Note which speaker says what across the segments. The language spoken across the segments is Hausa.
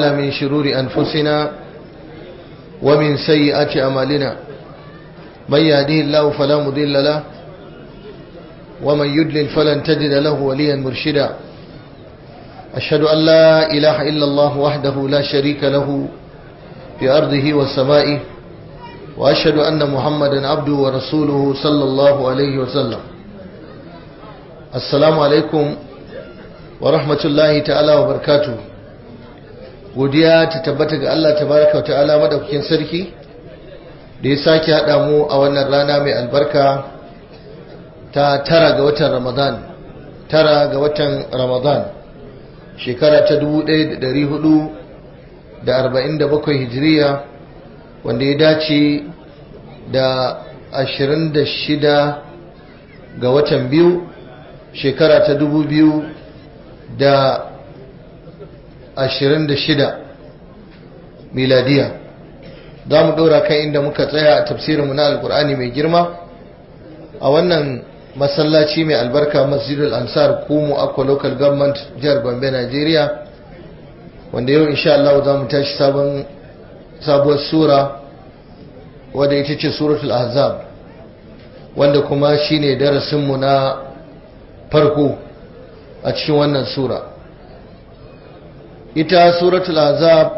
Speaker 1: تعالى من شرور أنفسنا ومن سيئات أمالنا من يهديه الله فلا مضل له ومن يدلل فلن تجد له وليا مرشدا أشهد أن لا إله إلا الله وحده لا شريك له في أرضه وسمائه وأشهد أن محمدا عبده ورسوله صلى الله عليه وسلم السلام عليكم ورحمة الله تعالى وبركاته godiya ta tabbata ga Allah Ta tabaraka wa ta'ala madaukakin sarki da ya sake haɗa mu a wannan rana mai albarka ta tara ga watan Ramadan tara ga watan Ramadan shekara ta 1447 hijiriya wanda ya dace da 26 ga watan biyu shekara ta 2000 da 26 miladiya za mu ɗora kan inda muka tsaya a tafsirin mu na alkur'ani mai girma a wannan masallaci mai albarka masjidul ansar kumu aqua local government jihar gombe nigeria wanda yau insha Allah za mu tashi sabuwar sura wadda ita ce suratul ahzab wanda kuma shine darasinmu na farko a cikin wannan sura ita suratul azab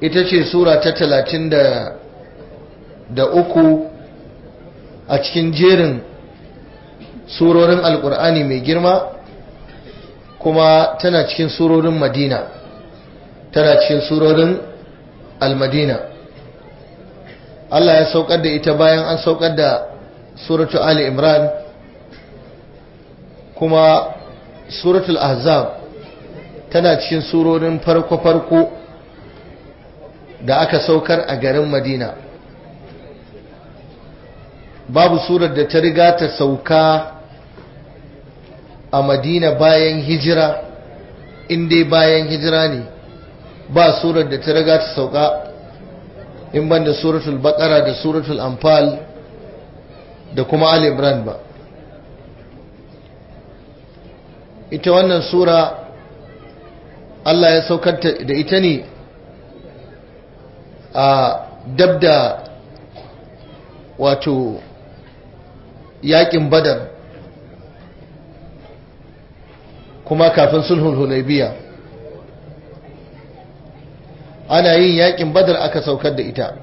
Speaker 1: ita ce sura ta talatin da uku a cikin jerin surorin alkur'ani mai girma kuma tana cikin surorin madina tana cikin surorin almadina Allah ya saukar da ita bayan an saukar da suratu Ali Imran kuma suratul Ahzab tana cikin surorin farko-farko da aka saukar a garin madina babu surar da ta riga ta sauka a madina bayan hijira in dai bayan hijira ne ba surar da ta riga ta sauka in ban da suratul baqara da suratul anfal da kuma al imran ba ita wannan sura Allah ya saukar da ita ne a dab da wato yakin badar kuma kafin sulhun biya, ana yin yakin badar aka saukar da ita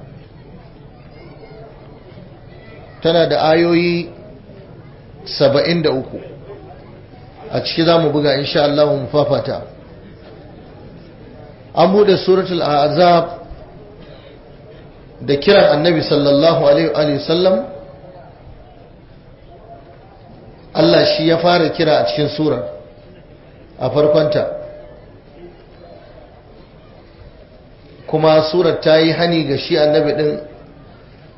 Speaker 1: tana da ayoyi 73 a ciki za mu buga insha Allah mu fafata an bude suratul azab da kiran annabi sallallahu alaihi sallam Allah shi ya fara kira a cikin sura a farkonta kuma surar ta yi hani ga shi annabi din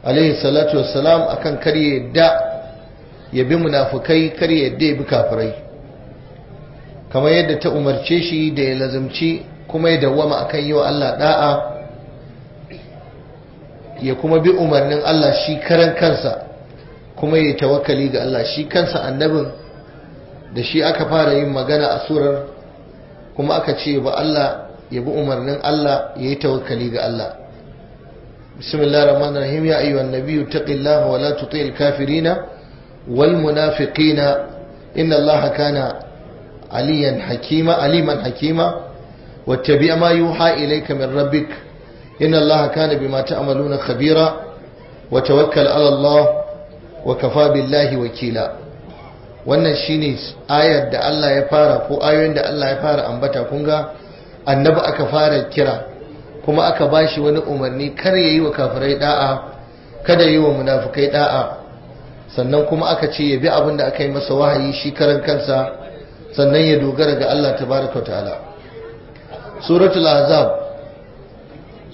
Speaker 1: alaihi salatu wassalam akan karye da ya bi munafukai karye da ya bi kafirai kamar yadda ta umarce shi da ya lazimci kuma ya dawwama akan yi wa Allah da'a ya kuma bi umarnin Allah shi karan kansa kuma ya tawakkali ga Allah shi kansa annabin da shi aka fara yin magana a surar kuma aka ce ba Allah ya bi umarnin Allah ya yi tawakkali ga Allah bismillah rahman rahim ya ayyuhan nabiyyu taqillah wa la tuti'il kafirina wal munafiƙina, inna Allah kana aliyan aliman hakima واتبع ما يوحى إليك من ربك inna الله كان بما تعملون خبيرا وتوكل على الله allah wa وكيلا wakila wannan shine ayar da Allah ya fara ko ayoyin da Allah ya fara ambata kunga ga annabi aka fara kira kuma aka bashi wani umarni kar yi wa kafirai da'a kada yi wa munafukai da'a sannan kuma aka ce ya bi abin da aka yi masa wahayi shi karan kansa sannan ya dogara ga Allah tabaraka ta'ala suratul azab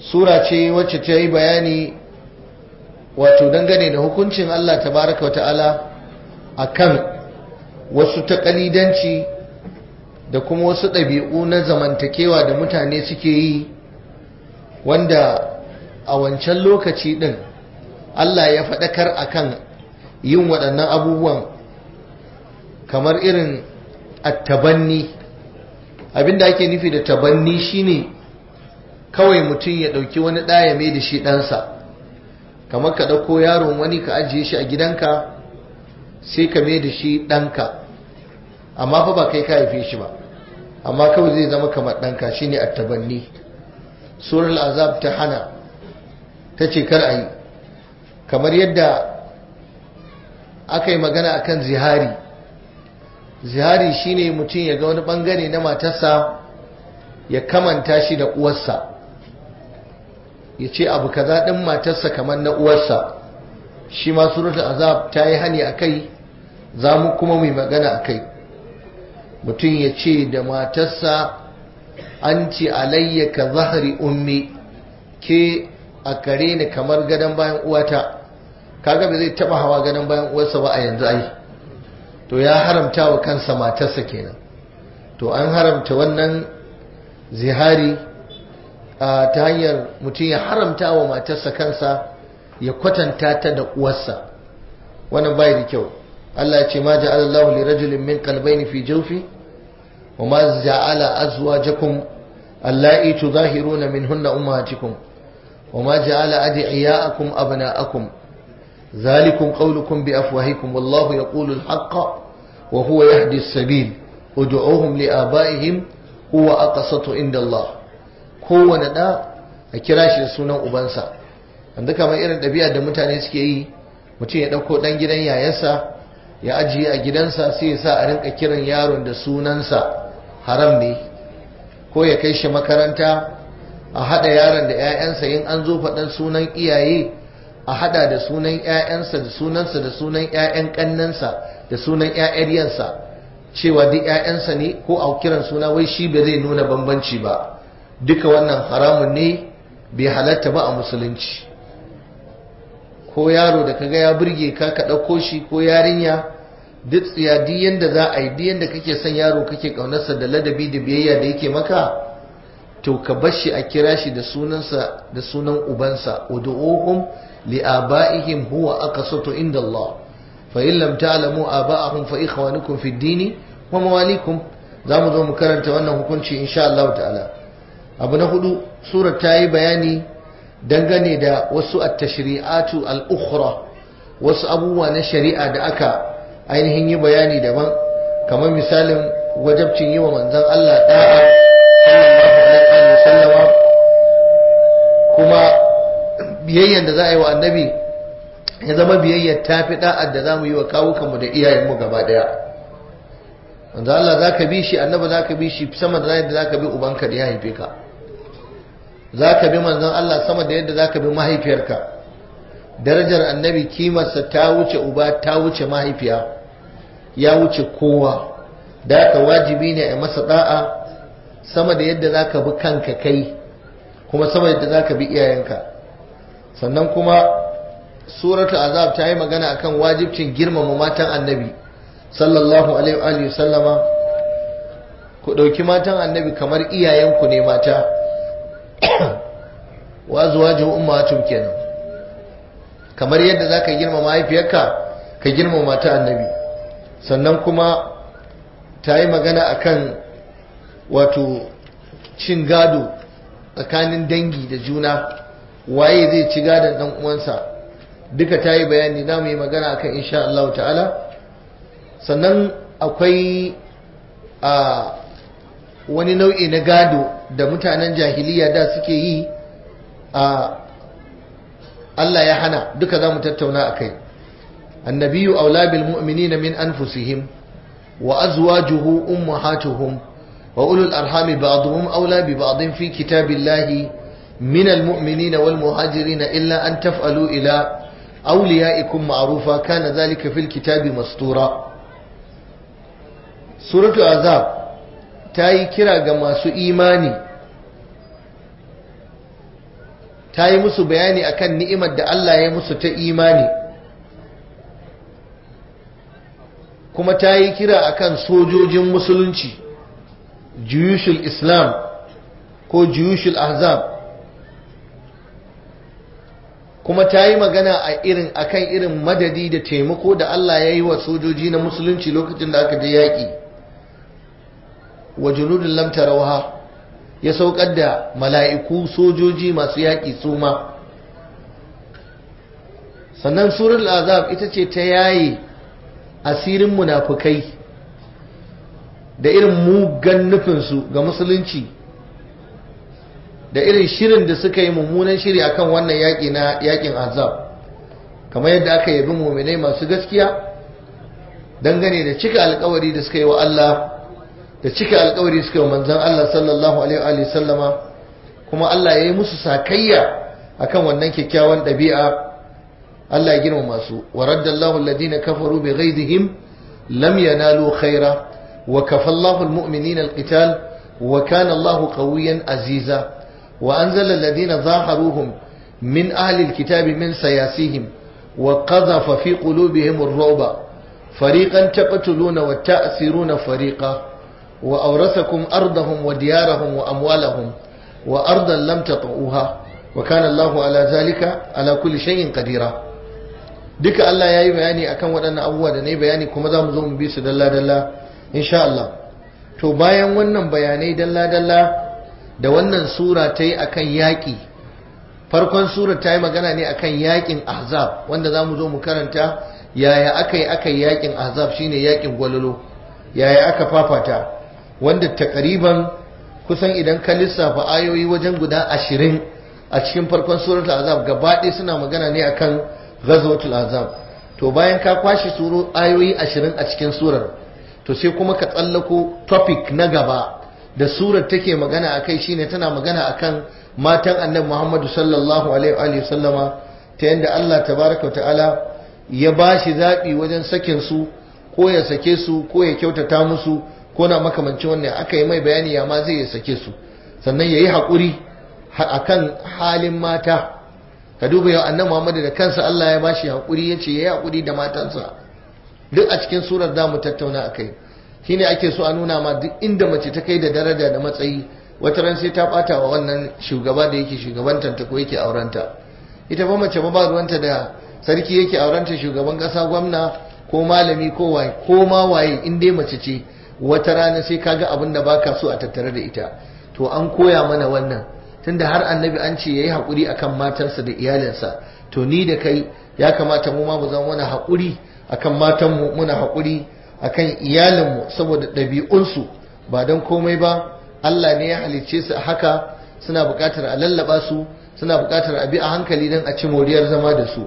Speaker 1: sura ce wacce ta yi bayani wato dangane da hukuncin Allah tabaraka wa ta'ala akan wasu taƙalidanci da kuma wasu ɗabi'u na zamantakewa da mutane suke yi wanda a wancan lokaci ɗin Allah ya faɗakar akan yin waɗannan abubuwan kamar irin attabanni Abin da ake nufi da tabanni shine kawai mutum ya ɗauki wani ɗaya mai da shi ɗansa kamar ka ɗauko yaron wani ka ajiye shi a gidanka sai ka mai da shi ɗanka amma fa ba kai ka haife shi ba amma kawai zai zama kamar ɗanka shine tabanni surar azab ta hana ta ce kar a yi kamar yadda aka yi magana akan zihari zihari shine mutum ya ga wani bangare na matarsa ya kamanta shi da uwarsa ya ce abu kaza ɗin matarsa kamar na uwarsa shi ma suratul azab ta yi hani a kai za mu kuma mai magana a kai mutum ya ce da matarsa an ce alayya ka zahari ummi ke a kare ni kamar gadon bayan uwata kaga ba zai taba hawa gadon bayan uwarsa ba a yanzu ai to ya haramta wa kansa matarsa kenan to an haramta wannan zihari a ta hanyar mutum ya haramta wa matarsa kansa ya kwatanta ta da uwarsa wannan bai da kyau Allah ya ce ma ja'ala Allahu li rajulin min kalbain fi jawfi wa ma ja'ala azwajakum allati tudahiruna minhunna ummahatikum wa ma ja'ala adiyakum abna'akum ذلكم قولكم بأفواهكم والله يقول الحق وهو يهدي السبيل ادعوهم لآبائهم هو أقصط عند الله هو ندا أكراش سنة أبنسا عندك كما إيران ɗabi'a da mutane suke yi mutum ya ɗauko ɗan gidan yayansa ya ajiye a gidansa sai ya sa a rinka kiran yaron da sunansa haram ne ko ya kai shi makaranta a haɗa yaron da 'ya'yansa in an zo faɗan sunan iyaye a hada da sunan 'ya'yansa da sunansa da sunan 'ya'yan kannansa da sunan 'ya'yansa cewa duk ƴaƴansa ne ko a kiran suna wai shi ba zai nuna bambanci ba duka wannan haramun ne bai halatta ba a musulunci ko yaro da kaga ya burge ka ka ɗauko shi ko yarinya duk tsiya duk yanda za a yi duk yanda kake son yaro kake ƙaunarsa da ladabi da biyayya da yake maka to ka bar shi a kira shi da sunansa da sunan ubansa udu'uhum لآبائهم هو أقسط عند الله فإن لم تعلموا آباءهم فإخوانكم في الدين ومواليكم zamu zo mu karanta wannan hukunci insha Allah ta'ala abu na hudu surar ta yi bayani dangane da wasu at-tashri'atu al wasu abubuwa na shari'a da aka ainihin yi bayani daban kamar misalin wajabcin yi wa manzon Allah da'a sallallahu alaihi wasallama kuma biyayyar da za a yi wa annabi ya zama biyayyar ta fi da'ar da za mu yi wa kawukanmu da iyayenmu gaba daya wanda Allah za ka bi shi annaba za ka bi shi sama da yadda za ka bi ubanka da ya haife ka za ka bi manzan Allah sama da yadda za ka bi mahaifiyarka darajar annabi kimarsa ta wuce uba ta wuce mahaifiya ya wuce kowa da ka wajibi ne a masa da'a sama da yadda za ka bi kanka kai kuma sama da yadda za ka bi iyayenka sannan kuma suratul azab ta yi magana akan wajibcin girmama matan annabi sallallahu alaihi wa sallama ku ɗauki matan annabi kamar iyayenku ne mata wa zuwa ji ummatum kenan kamar yadda za ka girmama mahaifiyarka ka girmama mata annabi sannan kuma ta yi magana akan wato cin gado tsakanin dangi da juna waye zai ci gadon dan uwansa duka ta yi bayani na mu yi magana akan insha Allah ta'ala sannan akwai a wani nau'i na gado da mutanen jahiliya da suke yi a Allah ya hana duka za mu tattauna a kai annabiyu aula bil mu'minina min anfusihim wa azwajuhu ummahatuhum wa ulul arhami ba'dhum aula bi ba'dhin fi kitabillahi من المؤمنين والمهاجرين إلا أن تفعلوا إلى أوليائكم معروفا كان ذلك في الكتاب مسطورا سورة العذاب تاي كرا جماس إيماني تاي مسو بياني أكن نئمة دا الله يمسو تا إيماني كما تاي كرا أكن سوجوج مسلنشي جيوش الإسلام ko juyushul ahzab kuma ta yi magana a irin akan irin madadi da taimako da Allah ya yi wa sojoji na musulunci lokacin da aka je yaƙi wa lamta lamtarawa ya saukar da mala'iku sojoji masu yaƙi su ma sannan surar azab ita ce ta yaye asirin munafukai da irin mugan nufinsu ga musulunci da irin shirin da suka yi mummunan shiri akan wannan yaƙi na yaƙin azab kamar yadda aka yabi muminai masu gaskiya dangane da cika alkawari da suka yi wa Allah da cika alkawari suka yi wa manzon Allah sallallahu alaihi wa sallama kuma Allah ya yi musu sakayya akan wannan kyakkyawan ɗabi'a Allah ya girmama su wa raddallahu alladhina kafaru bi ghaidihim lam yanalu khaira wa kafallahu almu'minina alqital wa kana Allahu qawiyan aziza wa anzala alladhina zaharuhum min ahli kitabi min sayasihim wa qadhafa fi qulubihim fariƙan ruba fariqan taqtuluna wa ta'siruna fariqa wa awrasakum ardahum wa diyarahum wa amwalahum wa ardan lam tata'uha wa ala zalika ala kulli shay'in qadira duka Allah yayi bayani akan waɗannan abubuwa da nayi bayani kuma zamu zo mu bi su dalla dalla insha to bayan wannan bayanai dalla dalla da wannan sura ta yi akan yaƙi farkon surar ta yi magana ne akan yaƙin ahzab wanda za mu zo mu karanta yaya aka yi aka yi yaƙin ahzab shine yaƙin gwalolo yaya aka fafata wanda takariban kusan idan ka lissafa ayoyi wajen guda ashirin a cikin farkon ta azab gabaɗaya suna magana ne akan ghazwatul azab to bayan ka kwashe suru ayoyi ashirin a cikin surar to sai kuma ka tsallako topic na gaba da surar take magana a kai shine tana magana a kan matan annabi Muhammadu sallallahu alaihi sallama ta yadda Allah tabaraka ta'ala ya ba shi zaɓi wajen sakin su ko ya sake su ko ya kyautata musu ko na makamancin wannan aka yi mai bayani ya ma zai ya sake su sannan ya yi haƙuri a kan halin mata ka duba yau annabi Muhammadu da kansa Allah ya ba shi haƙuri ya ce ya yi haƙuri da matansa duk a cikin surar za mu tattauna a kai ne ake so a nuna ma duk inda mace ta kai da daraja da matsayi wata ran sai ta bata wa wannan shugaba da yake shugabantar ta ko yake aurenta ita ba mace ba ba ruwanta da sarki yake aurenta shugaban kasa gwamna ko malami ko waye ko ma waye in dai mace ce wata rana sai kaga abin da baka so a tattare da ita to an koya mana wannan tunda har annabi an ce yayi hakuri akan matarsa da iyalinsa to ni da kai ya kamata mu ma mu zama muna hakuri akan mu muna hakuri akan iyalinmu saboda ɗabi'unsu ba don komai ba Allah ne ya halicce su haka suna buƙatar a lallaba su suna buƙatar a bi a hankali don a ci moriyar zama da su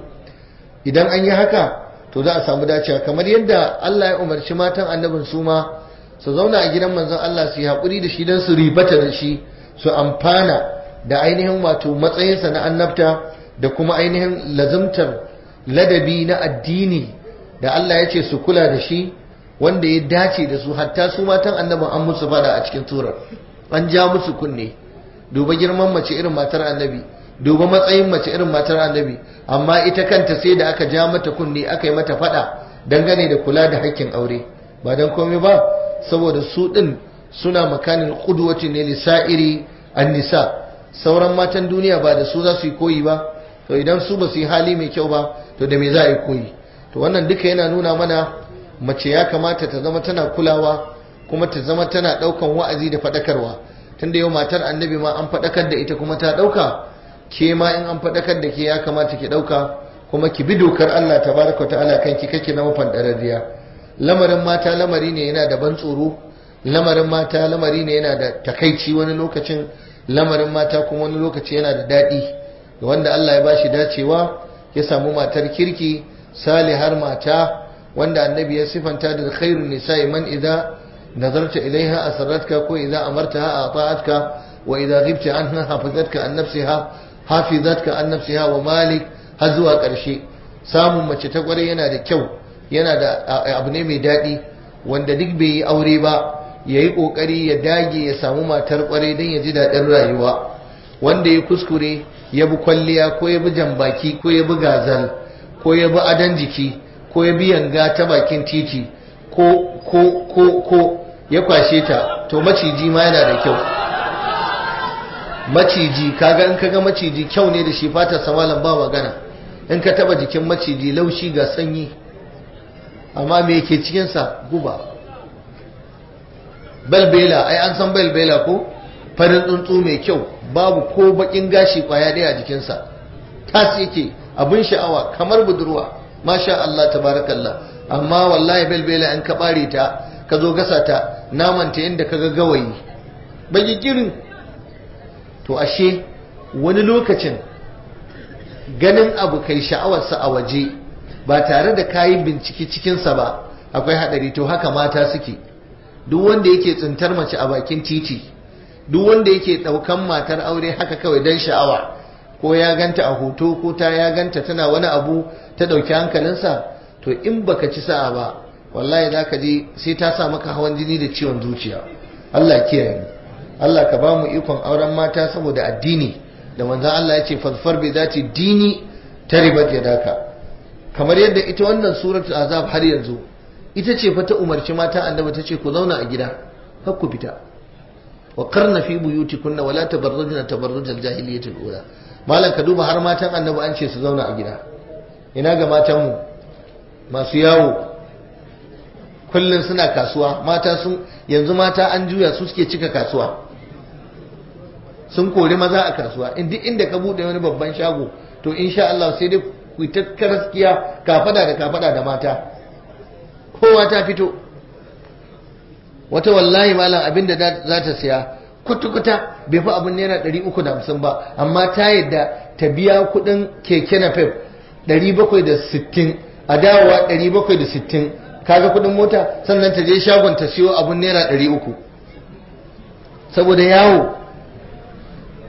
Speaker 1: idan an yi haka to za a samu dacewa kamar yadda Allah ya umarci matan annabin su ma su zauna a gidan manzon Allah su yi haƙuri da shi don su ribata da shi su amfana da ainihin wato matsayinsa na annabta da kuma ainihin lazimtar ladabi na addini da Allah ya ce su kula da shi wanda ya dace da su hatta su matan annabi an musu fada a cikin turar, an ja musu kunne duba girman mace irin matar annabi duba matsayin mace irin matar annabi amma ita kanta sai da aka ja mata kunne aka yi mata fada dangane da kula da haƙƙin aure ba don komai ba saboda su ɗin suna makanin ƙudwati ne lisa'iri an nisa sauran matan duniya ba da su za su yi koyi ba to idan su ba su yi hali mai kyau ba to da me za a yi koyi to wannan duka yana nuna mana mace ya kamata ta zama tana kulawa kuma ta zama tana daukan wa'azi da fadakarwa tunda yau matar annabi ma an fadakar da ita kuma ta dauka ke ma in an fadakar da ke ya kamata ki dauka kuma ki bi dokar Allah tabaraka ta'ala kan ki kake na mafan darajiya lamarin mata lamari ne yana da ban tsoro lamarin mata lamari ne yana da takaici wani lokacin lamarin mata kuma wani lokaci yana da daɗi wanda Allah ya bashi dacewa ya samu matar kirki salihar mata wanda annabi ya sifanta da khairun nisa'i man idza nazarta ilaiha asarratka ko idza amartaha ata'atka wa idza ghibta anha hafizatka an nafsiha hafizatka an nafsiha wa malik har zuwa karshe samun mace ta kware yana da kyau yana da abu ne mai daɗi wanda duk bai yi aure ba ya yi ƙoƙari ya dage ya samu matar kware don ya ji daɗin rayuwa wanda ya kuskure ya bi kwalliya ko ya bi jambaki ko ya bi gazal ko ya bi adon jiki ko ya biyan ga ta bakin titi ko ko ko ko ya kwashe ta to maciji ma yana da kyau maciji kaga in kaga maciji kyau ne da shi fatar samalan ba magana in ka taba jikin maciji laushi ga sanyi amma me yake cikinsa guba balbela ai an san balbela ko farin tsuntsu mai kyau babu ko bakin gashi kwaya daya a jikinsa tas yake abin sha'awa kamar budurwa masha Allah tabarakallah amma wallahi belbele an ka bare ta ka zo gasa ta namanta ta yadda ga gawayi baki kirin to ashe wani lokacin ganin abu kai sha'awarsa a waje ba tare da kayi bincike cikinsa ba akwai haɗari. to haka mata suke duk wanda yake tsintar mace a bakin titi duk wanda yake ɗaukan matar aure haka kawai don sha'awa ko ya ganta a hoto ko ta ya ganta tana wani abu ta ɗauki hankalinsa to in baka ci sa'a ba wallahi za ka je sai ta sa maka hawan jini da ciwon zuciya Allah kiyaye mu Allah ka ba mu ikon auren mata saboda addini da manzon Allah ya ce fazfar bi zati dini taribat yadaka kamar yadda ita wannan suratul azab har yanzu ita ce fa ta umarci mata annabi ta ce ku zauna a gida kar ku fita wa qarna fi buyutikunna wala tabarrajna tabarrujal jahiliyyatil ula malam ka duba har matan annabi an ce su zauna a gida ina ga matanmu masu yawo kullum suna kasuwa mata sun yanzu mata an juya su suke cika kasuwa sun kori maza a kasuwa inda ka buɗe wani babban shago to insha Allah sai dai ku ta gaskiya kafada da kafada da mata kowa ta fito wata wallahi malam abinda za ta siya kwata-kwata bai fi abin naira hamsin ba amma ta yadda ta biya kudin keke na fef 760 a dawowa 760 kaga kuɗin mota sannan ta je shagon ta siyo abin naira 300 saboda yawo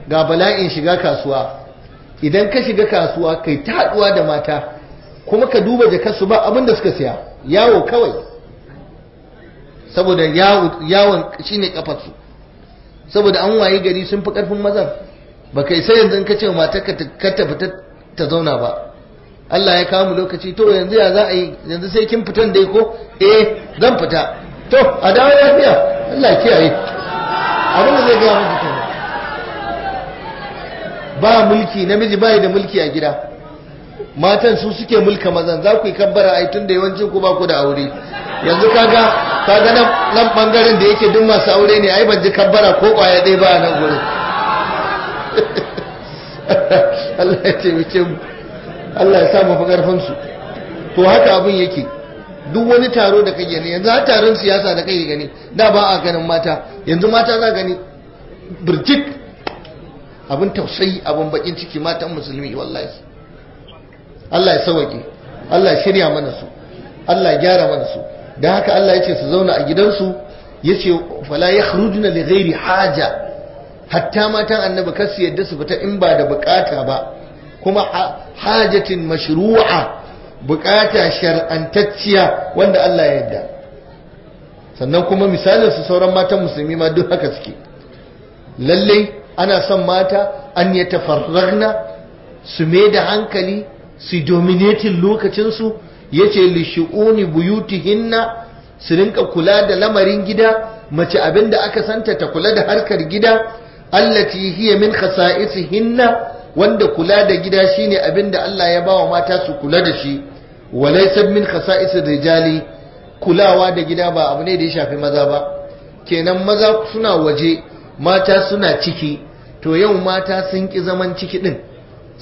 Speaker 1: ga bala'in shiga kasuwa idan ka shiga kasuwa kai ta haduwa da mata kuma ka duba jakarsu ba abin da suka siya yawo kawai saboda yawon shine kafarsu saboda an waye gari sun fi karfin mazan ba kai sai yanzu ka ce mata ka ta fita ta zauna ba Allah ya kawo mu lokaci to yanzu ya za a yi yanzu sai kin fitan dai ko eh zan fita to a dawo lafiya Allah kiyaye abin da zai ga mu ba mulki namiji bai da mulki a gida matan su suke mulka mazan za ku yi kabbara a tun da yawancin ku ba ku da aure yanzu kaga kaga nan nan bangaren da yake duk masu aure ne ai ban ji kabbara ko kwaya ɗaya ba nan gurin Allah ya taimake mu Allah ya sa mu karfin su to haka abin yake duk wani taro da kake gani yanzu har taron siyasa da kake gani da ba a ganin mata yanzu mata za gani birjik abin tausayi abin bakin ciki matan musulmi wallahi Allah ya sauke Allah ya shirya mana su Allah ya gyara mana su da haka Allah ya ce su zauna a gidansu ya ce fala ya li ghairi haja hatta matan annabi kar su yadda su fita in ba da bukata ba kuma hajatin mashru'a bukata shar'antacciya wanda Allah ya yarda sannan kuma misalin su sauran matan musulmi ma duk haka suke lalle ana son mata an ya tafarragna su mai da hankali su dominatin lokacinsu ya ce lishi'uni hinna su rinka kula da lamarin gida mace abin da aka santa ta kula da harkar gida allati hiya min hinna wanda kula da gida shine abin da Allah ya bawa mata su kula da shi sab min khasa'isir rijali kulawa da gida ba abu ne da ya shafi maza ba kenan maza suna waje mata suna ciki to yau mata sun ki zaman ciki din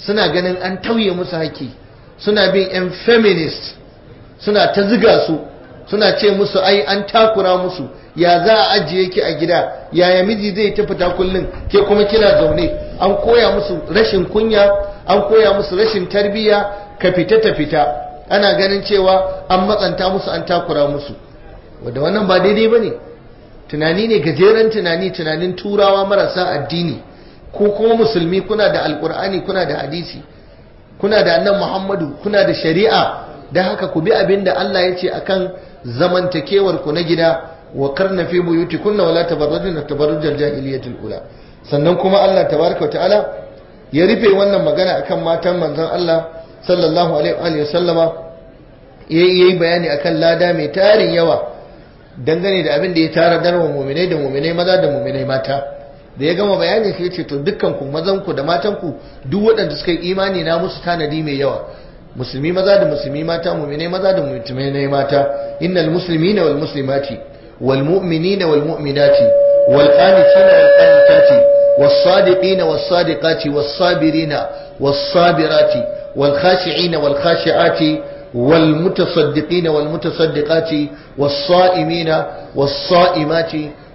Speaker 1: suna ganin an tauye musu haƙƙi suna bin yan feminist suna ta ziga su suna ce musu ai an takura musu ya za a ajiye ki a gida yaya miji zai ta fita kullum ke kuma kina zaune an koya musu rashin kunya an koya musu rashin tarbiyya ka fita ta fita ana ganin cewa an matsanta musu an takura musu wadda wannan ba daidai ba ne tunani ne gajeren tunani tunanin turawa marasa addini Ku kuma musulmi kuna da alkur'ani kuna da hadisi kuna da annan muhammadu kuna da shari'a da haka ku bi abin da Allah ya ce akan zamantakewar ku na gida wa karna fi buyutikunna wala da tabarrujal jahiliyatul ula sannan kuma Allah tabaraka wa ta'ala ya rufe wannan magana akan matan manzon Allah sallallahu alaihi wa sallama yi bayani akan lada mai tarin yawa dangane da abin da ya tara darwa mu'minai da mu'minai maza da mu'minai mata da ya gama bayani sai ce to dukkan ku mazan ku da matan ku duk waɗanda suka yi imani na musu tanadi mai yawa musulmi maza da musulmi mata mu'mine maza da mu'mine mata innal muslimina wal muslimati wal mu'minina wal mu'minati wal qanitina wal qanitati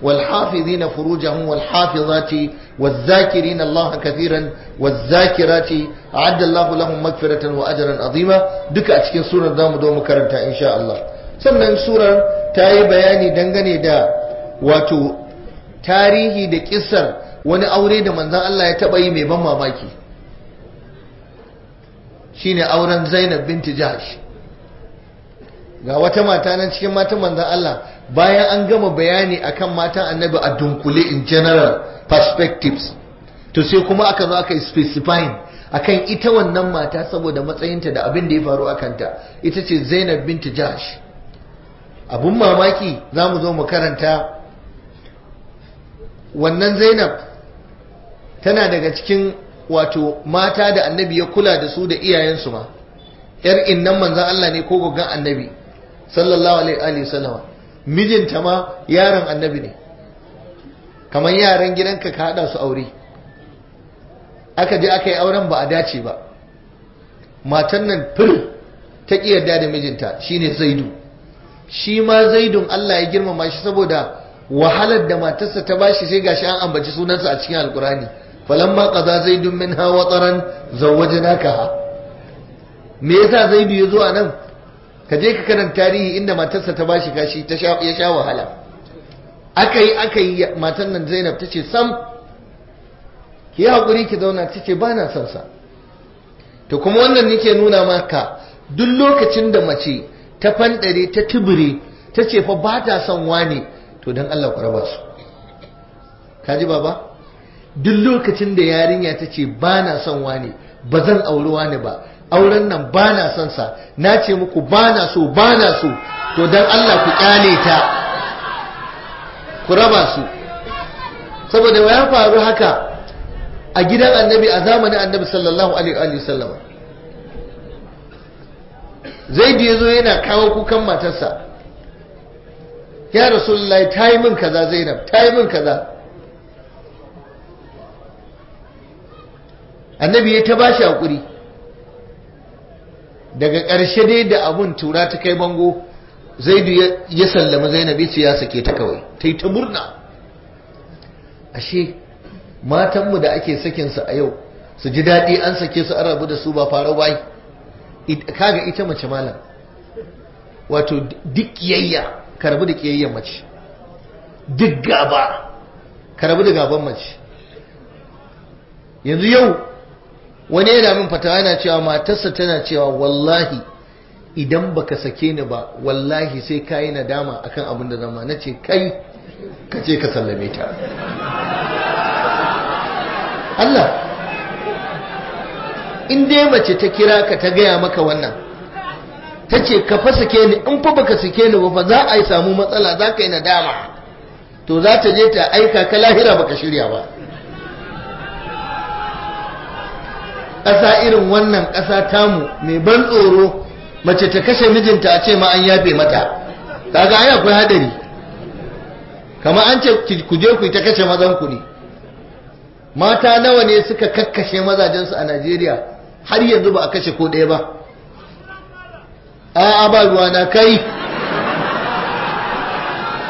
Speaker 1: والحافظين فروجهم والحافظات والذاكرين الله كثيرا والذاكرات أعد الله لهم مغفرة وأجرا عظيما دك أتكين سورة دام دوم كرنتا إن شاء الله sannan surar ta yi bayani dangane da wato tarihi da kisar wani aure da manzan Allah ya taɓa yi mai ban mamaki shine auren zainab binti jahash ga wata mata nan cikin matan manzan Allah bayan an gama bayani akan matan annabi a dunkule in general perspectives to sai kuma aka zo aka specifying akan ita wannan mata saboda matsayinta da abin da ya faru a kanta ita ce Zainab Binta Jahsh abun mamaki za mu zo mu karanta wannan zainab tana daga cikin wato mata da annabi ya kula da su da iyayensu ma yar innan manzan Allah ne ko gogan annabi sallallahu alaihi wa sallama mijinta ma yaron annabi ne kamar yaran gidanka ka hada su aure aka je aka yi auren ba a dace ba matan nan fir ta ki yarda da mijinta shine zaidu shi ma zaidun Allah ya girmama shi saboda wahalar da matarsa ta bashi sai gashi an ambaci sunansa a cikin alkurani falamma qaza zaidun minha taran zawwajnakaha me yasa zaidu yazo anan ka je ka karanta tarihi inda matarsa ta bashi kashi ta ya sha wahala aka yi aka yi matan nan Zainab ta sam ki yi hakuri ki zauna ta ce ba na son to kuma wannan nake nuna maka duk lokacin da mace ta fandare ta tubure ta fa ba ta son wani, to don Allah ku raba su kaji baba duk lokacin da yarinya tace ce ba na son wani, ba zan auri wane ba auren nan ba na son sa na ce muku ba na so ba na so to dan Allah ku kyale ta ku raba su saboda ya faru haka a gidan annabi a zamanin annabi sallallahu alaihi wasallam zaidi yazo yana kawo kukan matarsa ya rasulullahi ta yi min kaza zainab ta yi min kaza annabi ya ta bashi hakuri daga ƙarshe dai da abun tura ta kai bango zaidu ya sallama zainab ce ya sake ta kawai ta yi ta murna ashe matanmu da ake sakinsu a yau su ji daɗi an sake su an rabu da su ba farau bai kaga ita mace malam wato duk kiyayya ka da kiyayyan mace duk gaba ka da gaban mace yanzu yau wani yana min fata yana cewa matarsa tana cewa wallahi idan baka sake ni ba wallahi sai ka yi nadama akan abin da zama na ce kai ka ce ka sallame ta Allah in dai mace ta kira ka ta gaya maka wannan ta ce ka fa sake ni in fa baka sake ni ba fa za a yi samu matsala za ka yi nadama to za ta je ta aika ka lahira baka shirya ba ƙasa irin wannan ƙasa tamu mai ban tsoro mace ta kashe mijinta a ce ma an yafe mata kaga ai akwai hadari kama an ce ku je ku ta kashe mazan ku ne mata nawa ne suka kakkashe mazajensu a Najeriya har yanzu ba a kashe ko ɗaya ba a'a ba ruwa na, kai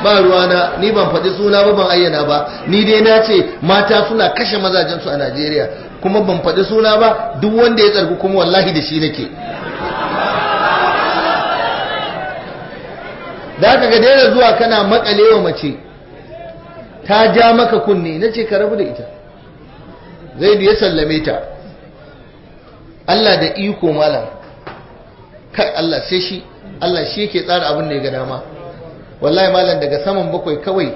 Speaker 1: ba ruwa na, ni ban faɗi suna ba ban ayyana ba ni dai na ce mata suna kashe mazajensu a Najeriya kuma ban faɗi suna ba duk wanda ya tsargu kuma wallahi da shi nake da aka ga daina zuwa kana makalewa mace ta ja maka kunne na ce ka rabu da ita zaidu ya sallame ta Allah da iko malam kai Allah sai shi Allah shi yake tsara abin da ya ga dama wallahi malam daga saman bakwai kawai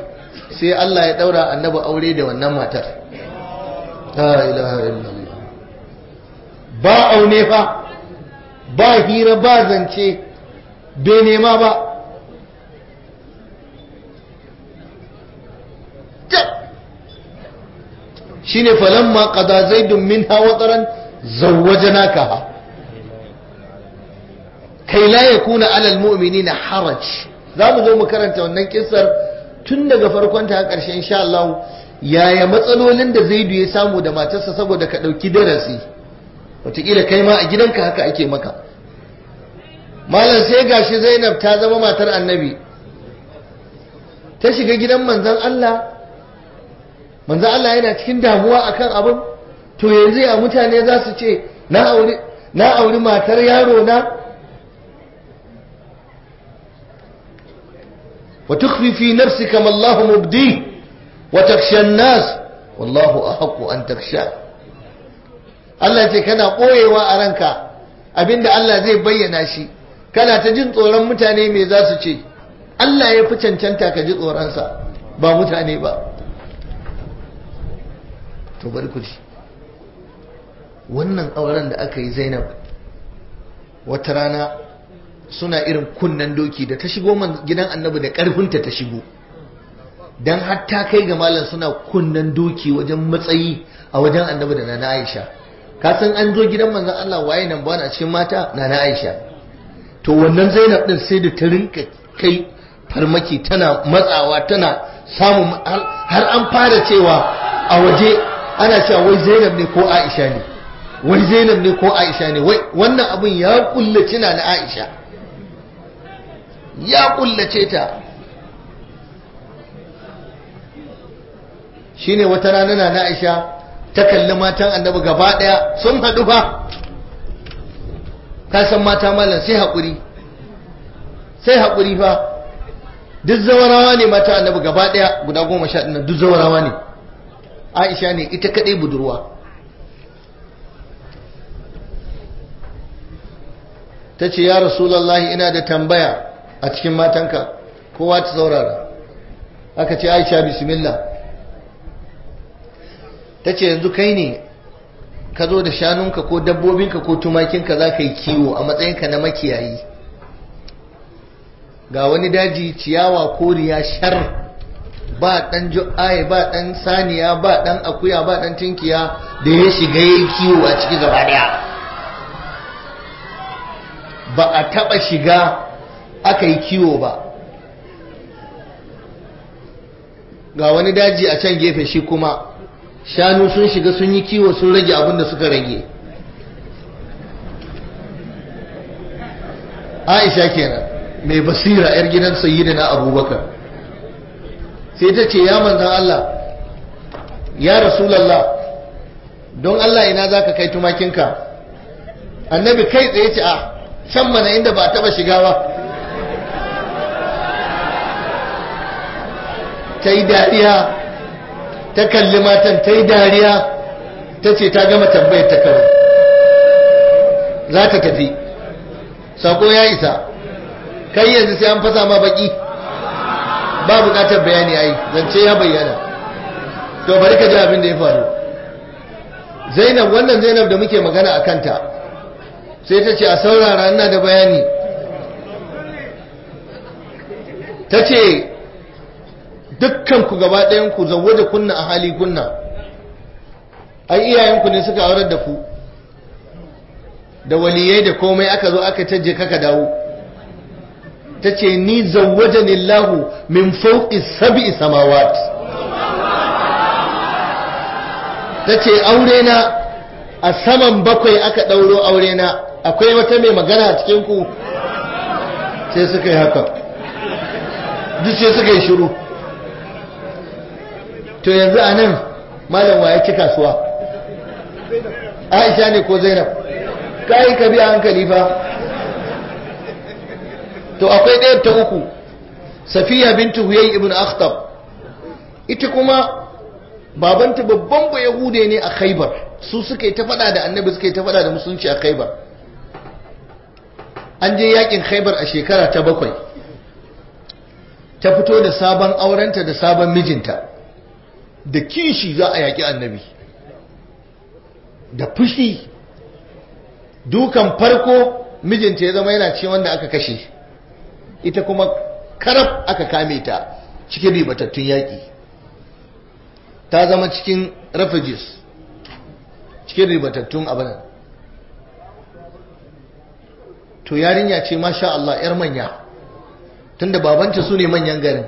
Speaker 1: sai Allah ya daura annabi aure da wannan matar ilaha illallah ba aune fa ba hira ba zance bai nema ba shine falamma qada zaidun minha wataran zawwajanaka kai la kuna alal mu'minina haraj mu zo mu karanta wannan kissar tun daga farkon ta ƙarshe sha Allah yaya matsalolin da zaidu ya samu da matarsa saboda ka ɗauki darasi wataƙila kai ma a gidanka haka ake maka malam sai gashi zainab ta zama matar annabi ta shiga gidan manzan allah manzan allah yana cikin damuwa akan abin to yanzu ya mutane za su ce na auri matar yaro na wa tukfi fi nafsika mallahu mubdi وتخشى الناس nas wallahu ahqqu an taksha Allah ce kana koyewa a ranka abinda Allah zai bayyana shi kana ta jin tsoron mutane me za su ce Allah ya fi cancanta ka ji tsoronsa ba mutane ba to bari ku ji wannan auren da aka yi zainab wata rana suna irin kunnen doki da ta shigo gidan annabi da ta ta shigo dan hatta kai ga malam suna kunnan doki wajen matsayi a wajen annabi da nana Aisha ka san an zo gidan manzon Allah waye nan ba na cikin mata nana Aisha to wannan Zainab din sai da ta rinka kai farmaki tana matsawa tana samu har an fara cewa a waje ana cewa wai Zainab ne ko Aisha ne wai Zainab ne ko Aisha ne wai wannan abin ya kullace na Aisha ya kullace ta shine wata rana na Aisha ta kalli matan annabi gaba daya sun hadu fa ka san mata mallan sai hakuri sai hakuri fa duk zawarawa ne mata annabi gaba daya guda goma sha dinnan duk zawarawa ne Aisha ne ita kadai budurwa ta ce ya rasulallahi ina da tambaya a cikin matanka kowa ta saurara aka ce aisha bismillah ta ce yanzu kai ne ka zo da shanunka ko dabbobinka ko tumakinka za ka yi kiwo a matsayinka na makiyayi ga wani daji ciyawa koriya shar ba dan ju'ai ba dan saniya ba dan akuya ba dan tinkiya da ya shiga yi kiwo a ciki gaba daya ba a taɓa shiga aka yi kiwo ba ga wani daji a can gefe shi kuma shanu sun shiga sun yi kiwo sun rage abin da suka rage aisha kenan mai basira 'yar gidan na abubakar sai ta ce ya manzan allah ya rasulallah don allah ina za ka kai tumakinka annabi kai tsaye ce a ah, can mana inda ba taba shiga ba ta yi dariya ta kalli matan ta yi dariya ta ce ta gama tambayar ta kawai za ta tafi sako ya isa kai yanzu sai an fasa ma baki ba bukatar bayani ai zance ya bayyana to bari ka ji abin da ya faru zainab wannan zainab da muke magana a kanta sai ta ce a saurara ina da bayani ta ce dukkan ku gaba ɗayan ku zawwaje kunna a hali kunna ai iyayenku ne suka aurar da ku da waliyai da komai aka zo aka taje kaka dawo ta ce ni zawwajani Allahu min fawqi sab'i samawat ta ce aure na a saman bakwai aka ɗauro aure na akwai wata mai magana a cikin ku sai suka yi haka duk sai suka yi shiru to yanzu a nan malam wa ya ci kasuwa aisha ne ko zainab kayi ka biya hankali ba. to akwai ɗaya ta uku safiya bintu huyai ibn akhtab ita kuma babanta babban ba yahude ne a khaibar su suka yi ta faɗa da annabi suka yi ta faɗa da musulunci a khaibar an je yakin khaibar a shekara ta bakwai ta fito da sabon aurenta da sabon mijinta da kishi za a yaƙi annabi da fushi dukan farko mijinta ya zama yana ce wanda aka kashe ita kuma karab aka kame ta cikin ribatattun yaƙi ta zama cikin refugees cikin ribatattun abin to yarinya ce masha Allah 'yar manya tunda babanta su ne manyan garin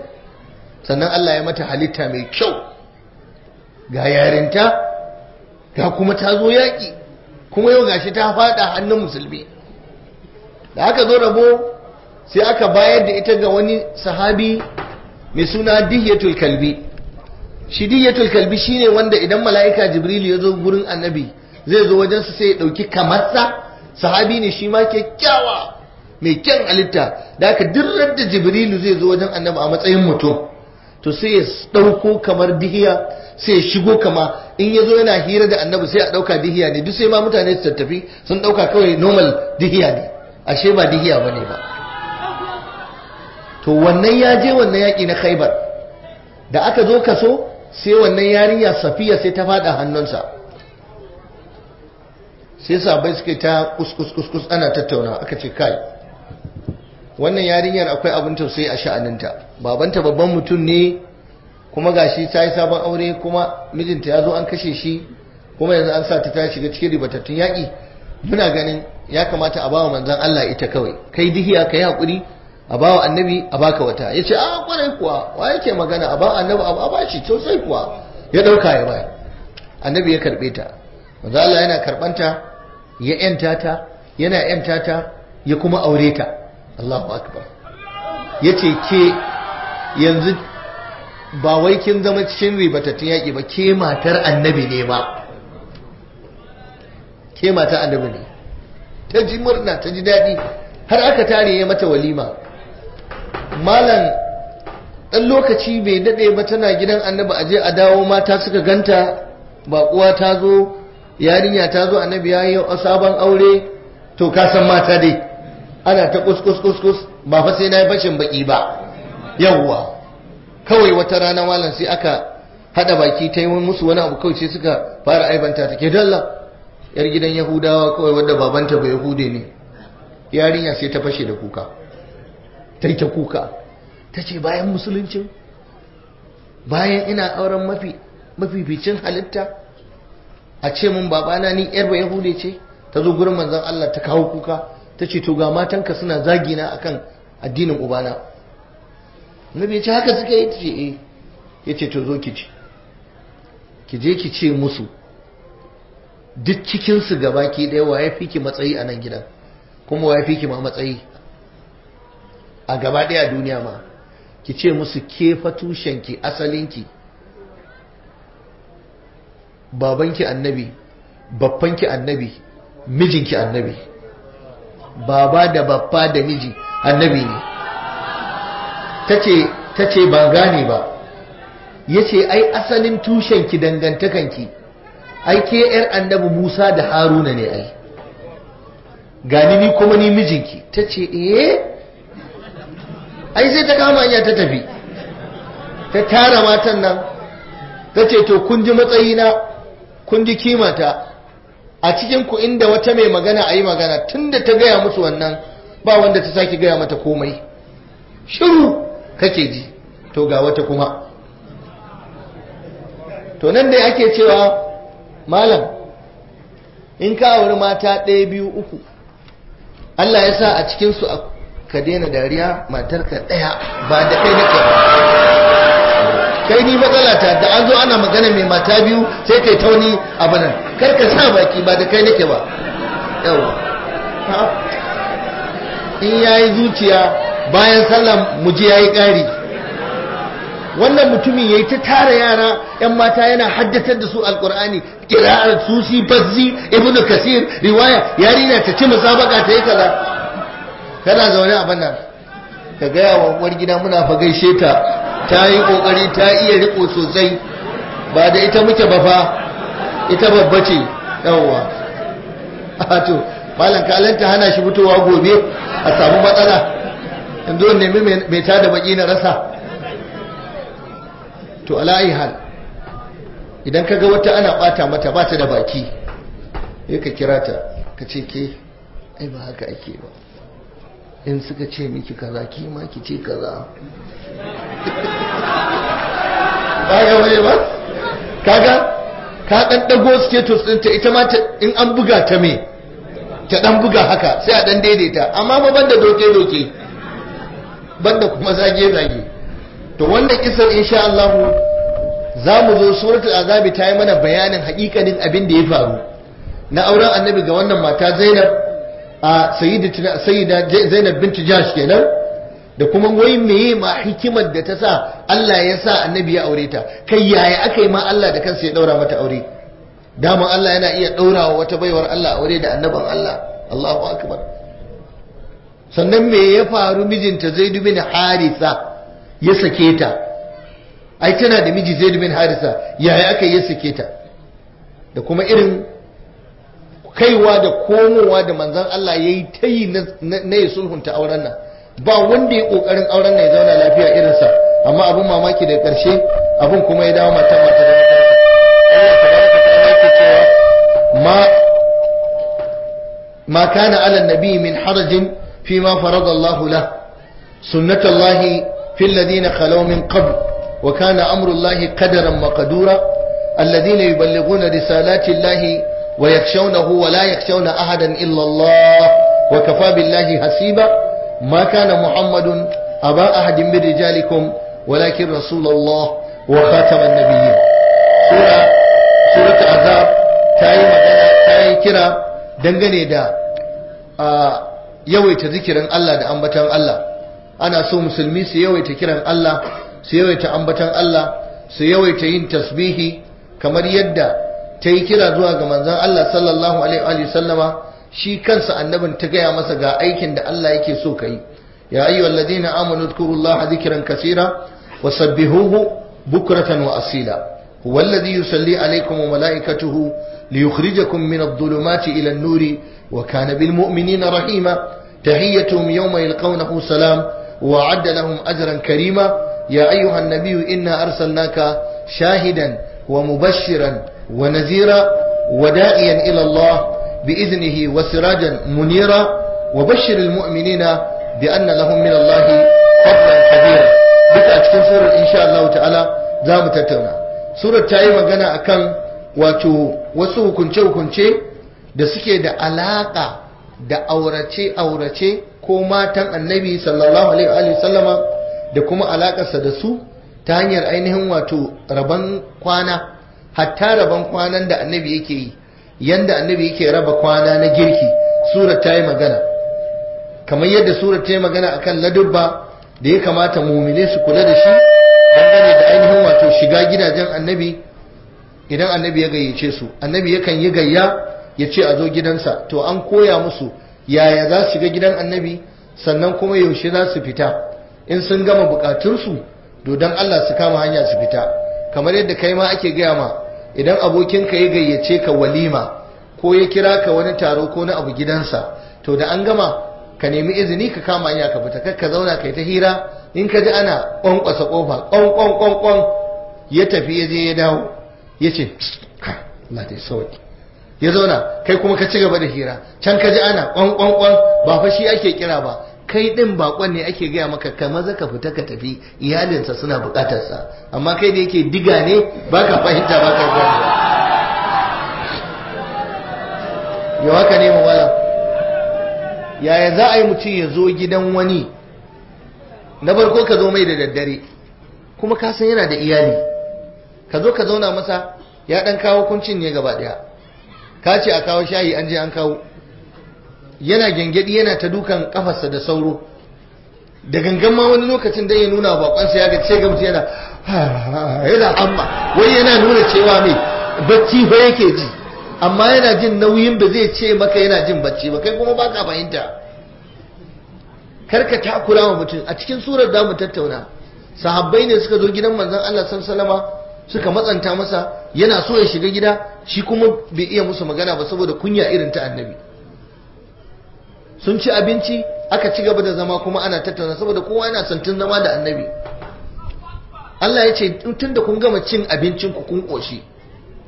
Speaker 1: sannan Allah ya mata halitta mai kyau ga yarinta ga kuma ta zo yaƙi kuma yau gashi ta faɗa hannun musulmi da aka zo rabo sai aka bayar da ita ga wani sahabi mai suna dihiyatul kalbi shi dihiyatul kalbi shine wanda idan mala'ika jibril ya zo gurin annabi zai zo su sai ya ɗauki kamarsa sahabi ne shi ma kyakkyawa mai kyan halitta da aka dirrar da jibrilu zai zo wajen annabi a matsayin mutum to sai ya ɗauko kamar dihiya sai ya shigo kama in ya zo yana hira da annabi sai a ɗauka dihiya ne duk sai ma mutane su tattafi sun ɗauka kawai normal dihiya ne ashe ba dihiya ba ne ba to wannan ya je wannan yaƙi na khaibar da aka zo kaso sai wannan yarinya safiya sai ta faɗa hannunsa sai sabai suke ta kuskus ana tattauna aka ce kai wannan yarinyar akwai abin tausayi a sha'aninta babanta babban mutum ne kuma gashi ta yi sabon aure kuma mijinta ya zo an kashe shi kuma yanzu an sa ta ta shiga cikin ribatattun yaƙi muna ganin ya kamata a bawa manzon Allah ita kawai kai dihiya kai hakuri a bawa annabi a baka wata Ya ce a kwarai kuwa wa yake magana a ba annabi a ba shi sosai kuwa ya dauka ya bayar annabi ya karbe ta manzan Allah yana karbanta ya yanta ta yana yanta ta ya kuma aure ta Allahu akbar yace ke yanzu ba wai kin zama cikin ta yaƙi ba ke matar annabi ne ba ke matar annabi ne ta ji murna ta ji daɗi har aka tare ya mata walima malam ɗan lokaci bai daɗe ba tana gidan annabi aje a dawo mata suka ganta baƙuwa ta zo yarinya ta zo annabi ya yi sabon aure to ka san mata dai ana ta kuskus kuskus ba fa sai na yi fashin baƙi ba yawwa kawai wata rana malam sai aka hada baki ta yi musu wani abu kawai sai suka fara aibanta ta ke dalla yar gidan yahudawa kawai wadda babanta ba yahude ne yarinya sai ta fashe da kuka ta yi ta kuka ta ce bayan musuluncin bayan ina auren mafi mafificin halitta a ce mun babana ni yar ba yahude ce ta zo gurin manzon Allah ta kawo kuka ta ce to ga matanka suna zagina akan addinin ubana annabi ya ce haka suka yi ce eh ya ce to zo ki ci ki je ki ce musu duk cikinsu gaba ke ɗaya wa ya fi ki matsayi a nan gidan kuma wa ya fi ki ma matsayi a gaba ɗaya duniya ma ki ce musu ke fa tushenki asalinki babanki annabi babbanki annabi mijinki annabi baba da babba da miji annabi ne ta ce ban gane ba ya ce ai asalin tushenki ki. ai ke yar annabi musa da haruna ne ai gani ni kuma ni mijinki ta ce eh ai sai ta kama hanya ta tafi ta tara matan nan ta ce to kun ji na, kun ji kimata a cikin ku inda wata mai magana a yi magana tunda ta gaya musu wannan ba wanda ta sake gaya mata komai shiru kake ji to ga wata kuma to nan dai ake cewa malam in ka auri mata ɗaya biyu uku Allah ya sa a cikinsu ka daina dariya matarka ɗaya ba da kai nake kai ni matsala ta da an zo ana magana mai mata biyu sai kai tauni a nan kar ka sa baki ba da kai nake ba yawa in yayi zuciya bayan sallah mu yayi ƙari wannan mutumin yayi ta tara yara yan mata yana haddatar da su alqur'ani qira'at susi bazzi ibnu kasir riwaya Yari na ta ci musabaka ta yi kaza kana zaune a banda ka gaya wa uwar gida muna fa gaishe ta ta yi kokari ta iya riko sosai ba da ita muke ba fa ita babba ce yawwa a to malam ka hana shi fitowa gobe
Speaker 2: a samu matsala
Speaker 1: in zo nemi mai tada baki na rasa to ala'ayi hal idan kaga wata ana bata mata ba ta da baki ya ka kira ta ka ce ke ai ba haka ake ba in suka ce miki kaza ki ma ki ce kaza ba ga waje ba kaga ka dan dago status ɗinta ita ma in an buga ta me ta dan buga haka sai a dan daidaita amma ba banda doke doke banda kuma zage-zage to wannan kisar insha Allah za mu zo suratul azabi ta yi mana bayanin hakikanin abin da ya faru na auren annabi ga wannan mata zainab a sayyida zainab binti jash kenan da kuma wai meye ma hikimar da ta sa Allah ya sa annabi ya aure ta kai yaya aka yi ma Allah da kansa ya daura mata aure dama Allah yana iya daurawa wata baiwar Allah aure da annaban Allah Allahu akbar sannan me ya faru mijinta zaidu bin harisa ya sake ta ai tana da miji zaidu bin harisa yaya aka ya sake ta da kuma irin kaiwa da komowa da manzon Allah yayi tayi na ya sulhunta auren nan ba wanda ya kokarin auren nan ya zauna lafiya irinsa amma abin mamaki da karshe abin kuma ya dawo mata mata da mata
Speaker 2: ما tabaraka ta'ala ke cewa
Speaker 1: ma ma min harajin فيما فرض الله له سنة الله في الذين خلوا من قبل وكان أمر الله قدرا مقدورا الذين يبلغون رسالات الله ويخشونه ولا يخشون أحدا إلا الله وكفى بالله حسيبا ما كان محمد أبا أحد من رجالكم ولكن رسول الله وخاتم النبيين سورة سورة عذاب تاي مغانا تاي كرا دنگني دا آه yawaita zikirin Allah da ambatan Allah ana so musulmi su yawaita kiran Allah su yawaita ambatan Allah su yawaita yin tasbihi kamar yadda ta yi kira zuwa ga manzon Allah sallallahu alaihi sallama shi kansa annabin ta gaya masa ga aikin da Allah yake so ka yi ya ayyuhal ladina amanu dhkurullaha dhikran kaseera wasabbihuhu bukratan wa asila huwa alladhi yusalli alaykum wa malaikatuhu liyukhrijakum min adh-dhulumati ila an-nuri وكان بالمؤمنين رحيما تحيتهم يوم يلقونه سلام وعد لهم أجرا كريما يا أيها النبي إنا أرسلناك شاهدا ومبشرا ونذيرا وداعيا إلى الله بإذنه وسراجا منيرا وبشر المؤمنين بأن لهم من الله فضلا كبيرا duka a cikin surar insha Allah ta'ala za mu tattauna surar ta yi magana akan wato wasu hukunce-hukunce da suke da alaka da aurace aurace ko matan annabi sallallahu alaihi wa sallama da kuma alakarsa da su ta hanyar ainihin wato rabon kwana hatta rabon kwanan da annabi yake yi yanda annabi yake raba kwana na girki sura ta yi magana kamar yadda surar ta yi magana akan ladubba da ya kamata mumine su kula da shi dangane da ainihin wato shiga gidajen annabi idan annabi ya gayyace su annabi yakan yi gayya ya ce a zo gidansa to an koya musu yaya za su shiga gidan annabi sannan kuma yaushe za su fita in sun gama bukatunsu to don Allah su kama hanya su fita kamar yadda kai ma ake gaya ma idan abokinka ya gayyace ka walima ko ya kira ka wani taro ko na abu gidansa to da an gama ka nemi izini ka kama hanya ka fita ka zauna kai ta hira in ka ji ana kwankwasa kofa kwankwankwankwan ya tafi ya je ya dawo ya ce Allah ta yi sauki ya zauna kai kuma ka ci gaba da hira can ka ji ana ƙwan ƙwan ƙwan ba fa shi ake kira ba kai ɗin baƙon ne ake gaya maka ka maza ka fita ka tafi iyalinsa suna bukatar sa amma kai da yake diga ne ba ka fahimta baka gani yau haka ne mu wala yaya za a yi mutum ya zo gidan wani na farko ka zo mai da daddare kuma ka san yana da iyali ka zo ka zauna masa ya ɗan kawo kuncin ne gaba daya ka ce a kawo shayi an je an kawo yana gyangyaɗi yana ta dukan kafarsa da sauro da gangan ma wani lokacin da ya nuna bakonsa ya ga ce gamsu yana yana amma wai yana nuna cewa mai bacci ba yake ji amma yana jin nauyin ba zai ce maka yana jin bacci ba kai kuma baka fahimta karka takura wa mutum a cikin surar da mu tattauna sahabbai ne suka zo gidan manzon Allah sallallahu alaihi wasallama suka matsanta masa yana so ya shiga gida shi kuma bai iya musu magana ba saboda kunya irin ta annabi sun ci abinci aka ci gaba da zama kuma ana tattauna saboda kowa yana santin zama da annabi Allah ya ce tun da kun gama cin abincin ku kun koshi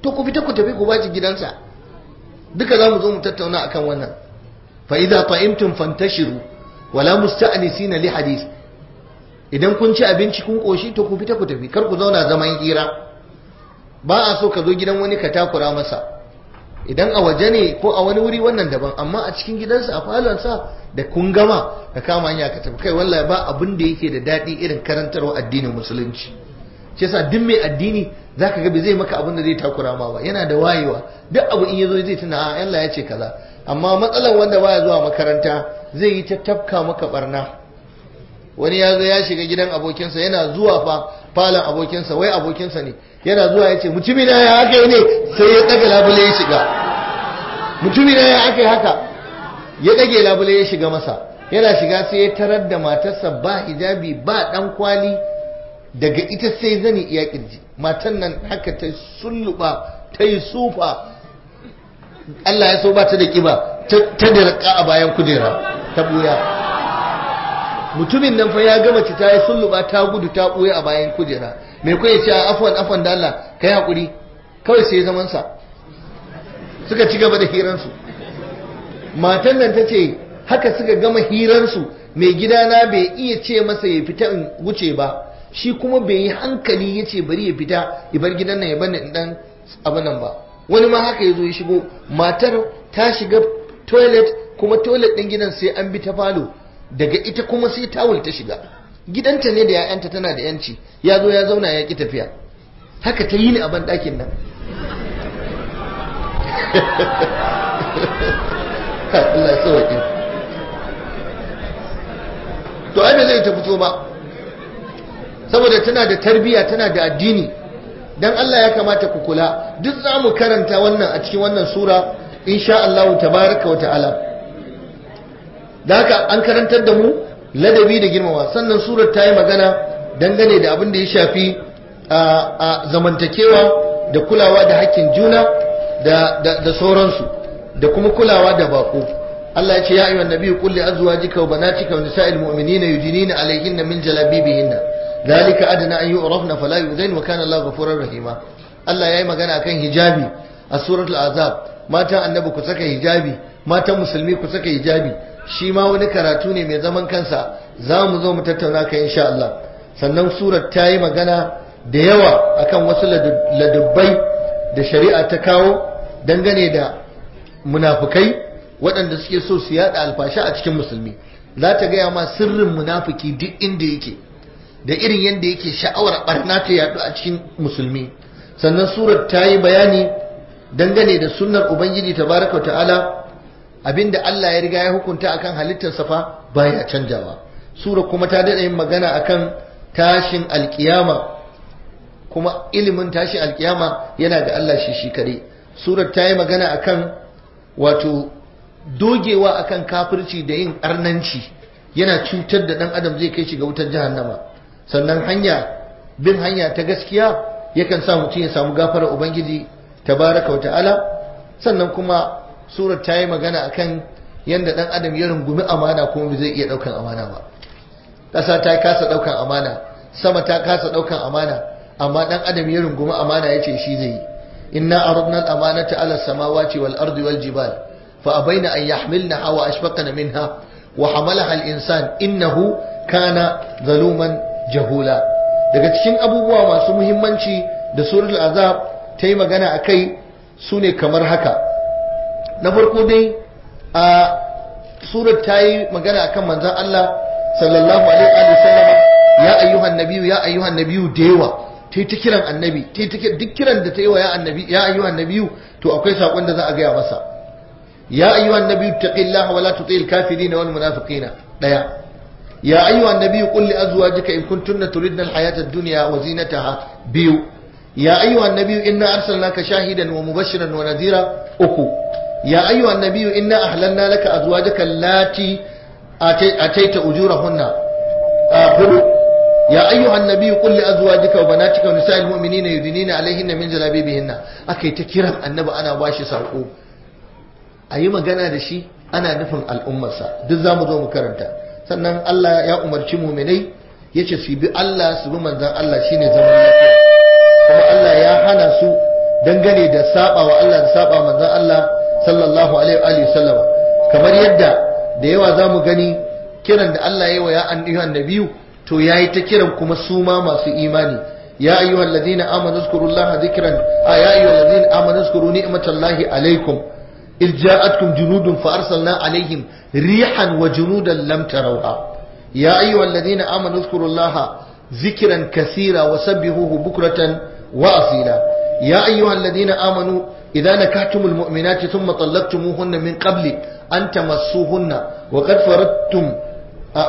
Speaker 1: to ku fita ku tafi ku baci gidansa duka za mu zo mu tattauna akan wannan fa idza ta'imtum fantashiru wala musta'nisina li hadith idan kun ci abinci kun koshi to ku fita ku tafi kar ku zauna zaman hira ba a so ka zo gidan wani ka takura masa idan a waje ne ko a wani wuri wannan daban amma a cikin gidansa a falonsa da kun gama ka kama hanya ka tafi kai wallahi ba abin da yake da daɗi irin karantarwa addinin musulunci shi yasa duk mai addini zaka ga bai zai maka abin da zai takura ma ba yana da wayewa duk abu in yazo zai tuna a ah, Allah ya ce kaza amma matsalar wanda baya zuwa makaranta zai yi ta tafka maka barna wani ya zo ya shiga gidan abokinsa yana zuwa fa falon abokinsa wai abokinsa ne yana zuwa ya ce mutumi na ya aka yi ne sai ya ɗaga labule ya shiga mutumi na ya aka yi haka ya ɗage labule ya shiga masa yana shiga sai ya tarar da matarsa ba hijabi ba ɗan kwali daga ita sai zani iya kirji matan nan haka ta sulluɓa ta yi sufa Allah ya so ba ta da ƙiba ta dirka a bayan kujera ta buya mutumin nan fa ya gama ci ta yi sulluba ta gudu ta ɓoye a bayan kujera mai kwaye ce afon afon da Allah ka yi haƙuri kawai sai zaman sa suka ci gaba da hiransu matan nan ta ce haka suka gama hiransu mai na bai iya ce masa ya fita in wuce ba shi kuma bai yi hankali ya ce bari ya fita ya bar gidan nan ya bane in dan nan ba wani ma haka ya zo ya shigo matar ta shiga toilet kuma toilet ɗin gidan sai an bi ta falo daga ita kuma sai tawul ta shiga gidanta ne da ya'yanta tana da yanci ya zo ya zauna ya ki tafiya haka ta yi ni a banɗakin nan Allah to ai zai ta fito ba saboda tana da tarbiyya tana da addini dan Allah ya kamata ku kula duk za mu karanta wannan a cikin wannan sura insha Allah tabaraka wa ta'ala da haka an karantar da mu ladabi da girmama sannan surar ta yi magana dangane da abin da ya shafi a zamantakewa da kulawa da hakkin juna da sauransu da kuma kulawa da bako Allah ya ce ya ayyuhan nabiyyu qul li azwajika wa banatika wa nisa'il mu'minina yudinina alayhinna min jalabibihinna dhalika adna an yu'rafna fala yudain wa kana Allahu ghafurur rahima Allah ya yi magana akan hijabi a suratul azab matan annabi ku saka hijabi matan musulmi ku saka hijabi shi ma wani karatu ne mai zaman kansa za mu zo mu tattauna ka insha Allah sannan surar ta yi magana da yawa akan wasu ladubbai da shari'a ta kawo dangane da munafukai waɗanda suke so su yada alfashi a cikin musulmi za ta gaya ma sirrin munafuki duk inda yake da irin yadda yake sha'awar barna ta yadu a cikin musulmi sannan surar ta yi bayani dangane da sunnar ubangiji tabaraka ta'ala abinda Allah ya riga ya hukunta akan halittar safa baya canjawa sura kuma ta dade yin magana akan tashin alkiyama kuma ilimin tashin alkiyama yana da Allah shi shi kare sura ta yi magana akan wato dogewa akan kafirci da yin arnanci yana cutar da dan adam zai kai shi ga wutar jahannama sannan hanya bin hanya ta gaskiya yakan sa mutum ya samu gafarar ubangiji tabaraka wa ta'ala sannan kuma surar ta yi magana akan yadda dan adam ya rungumi amana kuma bai zai iya daukan amana ba ƙasa ta kasa daukan amana sama ta kasa daukan amana amma dan adam ya rungumi amana ya ce shi zai yi inna aradna al-amanata ala samawati wal ardi wal jibal fa abaina an yahmilna wa ashfaqna minha wa hamalaha al-insan innahu kana zaluman jahula daga cikin abubuwa masu muhimmanci da suratul azab ta yi magana akai sune kamar haka na farko dai a surar ta yi magana akan manzan Allah sallallahu alaihi wa sallam ya ayyuhan nabiyu ya ayyuhan nabiyu da yawa ta yi ta kiran annabi ta yi ta duk kiran da ta yi wa ya annabi ya ayyuhan nabiyu to akwai saƙon da za a gaya masa ya ayyuhan nabiyu taqillaha wa la tuti'il kafirin wal munafiqina ɗaya. ya ayyuhan nabiyu qul li azwajika in kuntunna turidna al hayata ad-dunya wa zinataha biyu ya ayyuhan nabiyu inna arsalnaka shahidan wa mubashiran wa nadhira uku ya ayyuhan nabiyyu inna ahlanna laka azwajaka allati ataita ujurahunna aqulu ya ayyuhan nabiyyu qul li azwajika wa banatika wa nisa'il mu'minina yudinina alaihinna min jalabibihinna akai ta kiran annabi ana bashi sako ayi magana da shi ana nufin al'ummarsa duk zamu zo mu karanta sannan Allah ya umarci mu'minai yace su bi Allah su bi manzan Allah shine zaman lafiya kuma Allah ya hana su dangane da saba wa Allah da saba manzan Allah sallallahu alaihi wa sallama kamar yadda da yawa za mu gani kiran da Allah ya yi wa ya ayyuhan nabiyu to yayi ta kiran kuma su ma masu imani ya ayyuhal ladina amanu zkurullaha dhikran a ya ayyuhal ladina amanu zkuru ni'matallahi alaikum إذ جاءتكم جنود فأرسلنا عليهم ريحا وجنودا لم تروها يا أيها الذين آمنوا اذكروا الله ذكرا كثيرا وسبحوه بكرة وأصيلا يا أيها ladina amanu. إذا نكحتم المؤمنات ثم طلقتموهن من قبل أن تمسوهن وقد فرضتم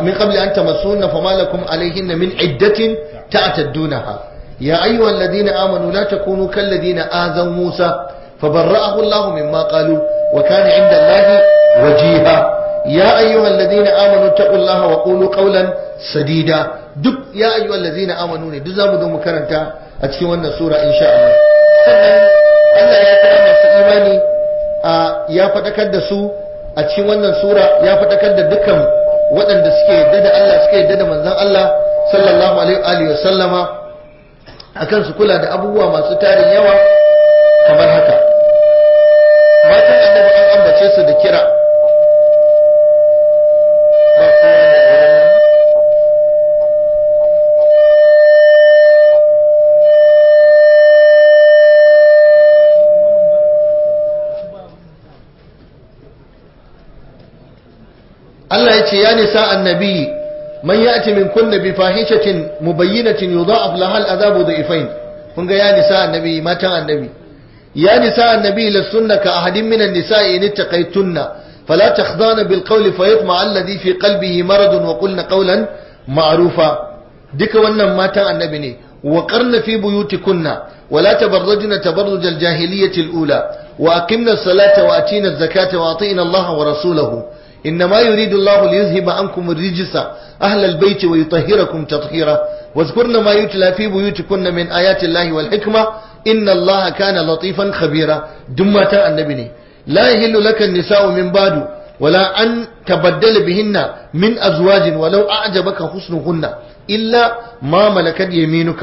Speaker 1: من قبل أن تمسوهن فما لكم عليهن من عدة تعتدونها يا أيها الذين آمنوا لا تكونوا كالذين آذوا موسى فبرأه الله مما قالوا وكان عند الله وجيها يا أيها الذين آمنوا اتقوا الله وقولوا قولا سديدا دك يا أيها الذين آمنوا دزام دو مكرنتا أتكي وانا سورة إن شاء الله Allah ya kira masu imani a ya faɗakar da su a cikin wannan sura ya faɗakar da dukkan waɗanda suke yadda da Allah suke yadda da manzon Allah sallallahu alaihi wa sallama akan su kula da abubuwa masu tarin yawa kamar haka matan annabi an ambace su da kira ce ya nisa annabi man ya'ti min kunna bi fahishatin mubayyinatin yudha'af laha al'adabu dha'ifain kun ga ya nisa annabi matan annabi ya nisa annabi lasunna ka ahadin minan nisa'i in ittaqaytunna fala takhdana bil qawli fayatma alladhi fi qalbihi maradun wa qulna qawlan ma'rufa duka wannan matan annabi ne wa qarna fi buyutikunna wa la tabarrajna tabarruj al jahiliyyati al ula wa aqimna as-salata wa zakata wa atina wa rasulahu إنما يريد الله ليذهب عنكم الرجس أهل البيت ويطهركم تطهيرا واذكرن ما يتلى في بيوتكن من آيات الله والحكمة إن الله كان لطيفا خبيرا دمتا النبي لا يهل لك النساء من بعد ولا أن تبدل بهن من أزواج ولو أعجبك حسنهن إلا ما ملكت يمينك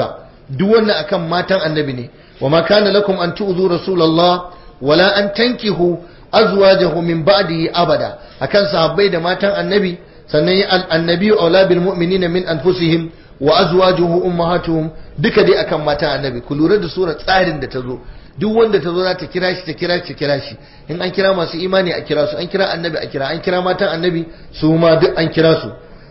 Speaker 1: دون أكم ماتا النبي وما كان لكم أن تؤذوا رسول الله ولا أن تنكهوا azwajahu min ba'dihi abada akan sahabbai da matan annabi sannan ya annabi aula bil mu'minina min anfusihim wa azwajuhu ummahatuhum duka dai akan mata annabi ku lura da sura tsarin da ta zo duk wanda ta zo za ta kira shi ta kira shi ta kira shi in an kira masu imani a kira su an kira annabi a kira an kira matan annabi su ma duk an kira su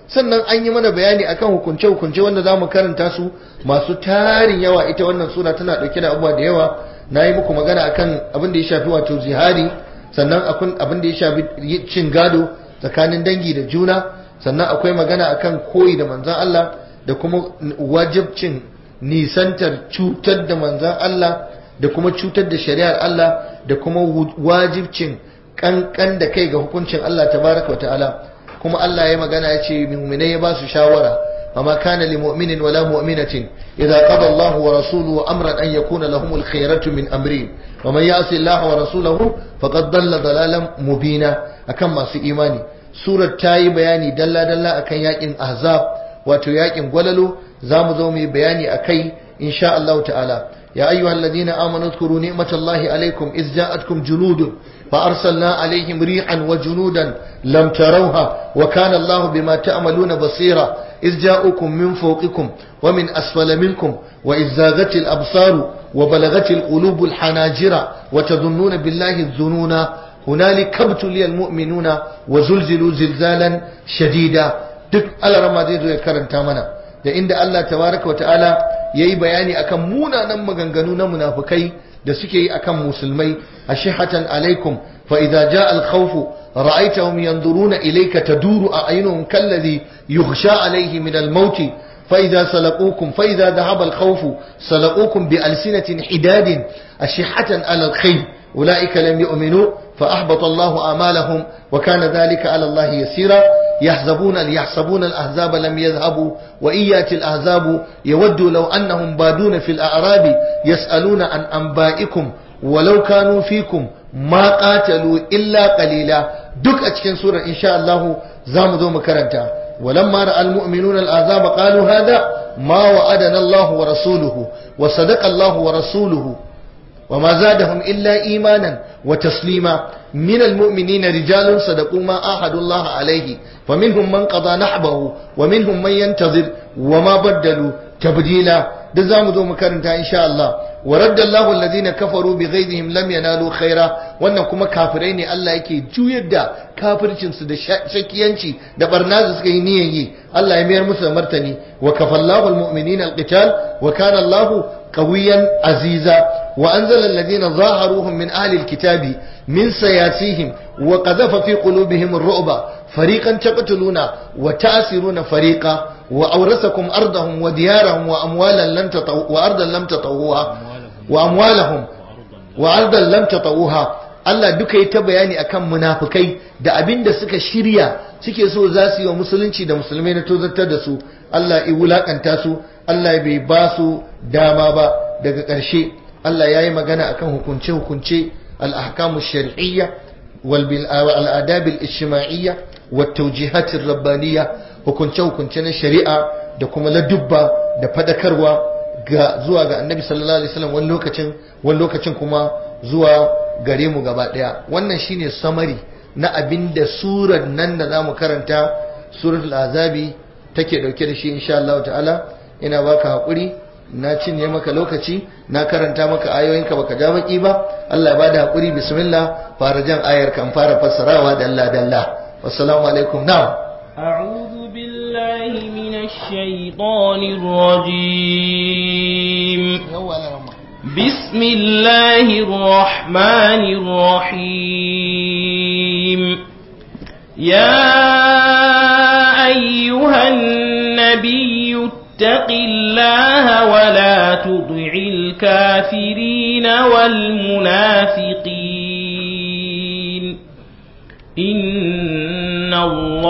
Speaker 1: sannan an yi mana bayani akan hukunce hukunce wanda za mu karanta su masu tarin yawa ita wannan sura tana dauke da abubuwa da yawa na yi muku magana akan abin da ya shafi wato zihari sannan akwai abin da ya shafi cin gado tsakanin dangi da juna sannan akwai magana akan koyi da manzan Allah da kuma wajibcin nisantar cutar da manzan Allah da kuma cutar da shari'ar Allah da kuma wajibcin kankan da kai ga hukuncin Allah tabaraka wa ta'ala kuma Allah ya magana ya ce muminai ya ba su shawara وما كان لمؤمن ولا مؤمنة إذا قضى الله ورسوله أمرا أن يكون لهم الخيرة من أمرين ومن يعص الله ورسوله فقد ضل ضلالا مبينا أكم masu imani surar ta yi bayani dalla-dalla akan yakin ahzab wato yaƙin gwalalu. za mu zo mu yi bayani a kai insha Allah ta'ala ya ayyuha alladhina amanu dhkuru ni'matallahi alaykum iz ja'atkum junudun fa arsalna alayhim rihan wa junudan lamtarauha. tarawha wa kana Allah bima ta'maluna basira إذ جاءكم من فوقكم ومن أسفل منكم وإذ زاغت الأبصار وبلغت القلوب الحناجر وتظنون بالله الظنون هنالك ابتلي المؤمنون وزلزلوا زلزالا شديدا duk alarama zai zo ya karanta mana da inda Allah tabaraka wa ta'ala yayi bayani akan munanan maganganu na munafukai da suke yi akan musulmai ashihatan alaikum فإذا جاء الخوف رأيتهم ينظرون إليك تدور أعينهم كالذي يخشى عليه من الموت فإذا سلقوكم فإذا ذهب الخوف سلقوكم بألسنة حداد أشحة على الخيل أولئك لم يؤمنوا فأحبط الله أعمالهم وكان ذلك على الله يسيرا يحزبون يحسبون الأحزاب لم يذهبوا وإن يأتي الأحزاب يودوا لو أنهم بادون في الأعراب يسألون عن أنبائكم ولو كانوا فيكم ma ƙatalu illa ƙalila duk a cikin surar insha za mu zo mu karanta walamma ra'al mu'minun al'azab qalu hada ma wa'adana Allah wa rasuluhu wa sadaqa Allah wa rasuluhu wa ma zadahum illa imanan wa taslima min almu'minin rijalun sadaqu ma ahadu Allah alaihi. fa minhum man qada nahbahu wa minhum man yantazir wa ma baddalu tabdila duk za mu zo mu karanta insha Allah wa raddallahu alladhina kafaru bighaydihim lam yanalu khaira wannan kuma kafirai ne Allah yake juyar da kafircin su da shakiyanci da barna da suka yi niyan yi Allah ya mayar musu da martani wa kafallahu almu'minina alqital wa kana Allahu qawiyan aziza wa anzala alladhina zaharuhum min ahli alkitabi min sayasihim wa qadhafa fi qulubihim ar-ru'ba fariqan taqtuluna wa ta'siruna fariqa wa aurasakum ardahum wa diyarahum Allah duka yi ta bayani akan munafikai da abin da suka shirya suke so za su yi wa musulunci da musulmai na tozartar da su Allah ya wulakanta su Allah bai ba su dama ba daga ƙarshe Allah ya yi magana akan hukunce-hukunce al'ahkamu shari'iyya والآداب الاجتماعية والتوجيهات الربانية hukunce-hukunce na shari'a da kuma ladubba da fadakarwa ga zuwa ga annabi sallallahu alaihi wasallam wani lokacin wani lokacin kuma zuwa gare mu gaba daya wannan shine samari na abinda da surar nan da zamu karanta suratul azabi take dauke da shi insha Allah ta'ala ina baka hakuri na cinye maka lokaci na karanta maka ayoyinka baka ja baki ba Allah ya bada hakuri bismillah fara jan ayar kan fara fassarawa dalla dalla assalamu alaikum na'am
Speaker 2: a'udhu بالله من الشيطان الرجيم بسم الله الرحمن الرحيم
Speaker 1: يا
Speaker 2: أيها النبي اتق الله ولا تطع الكافرين والمنافقين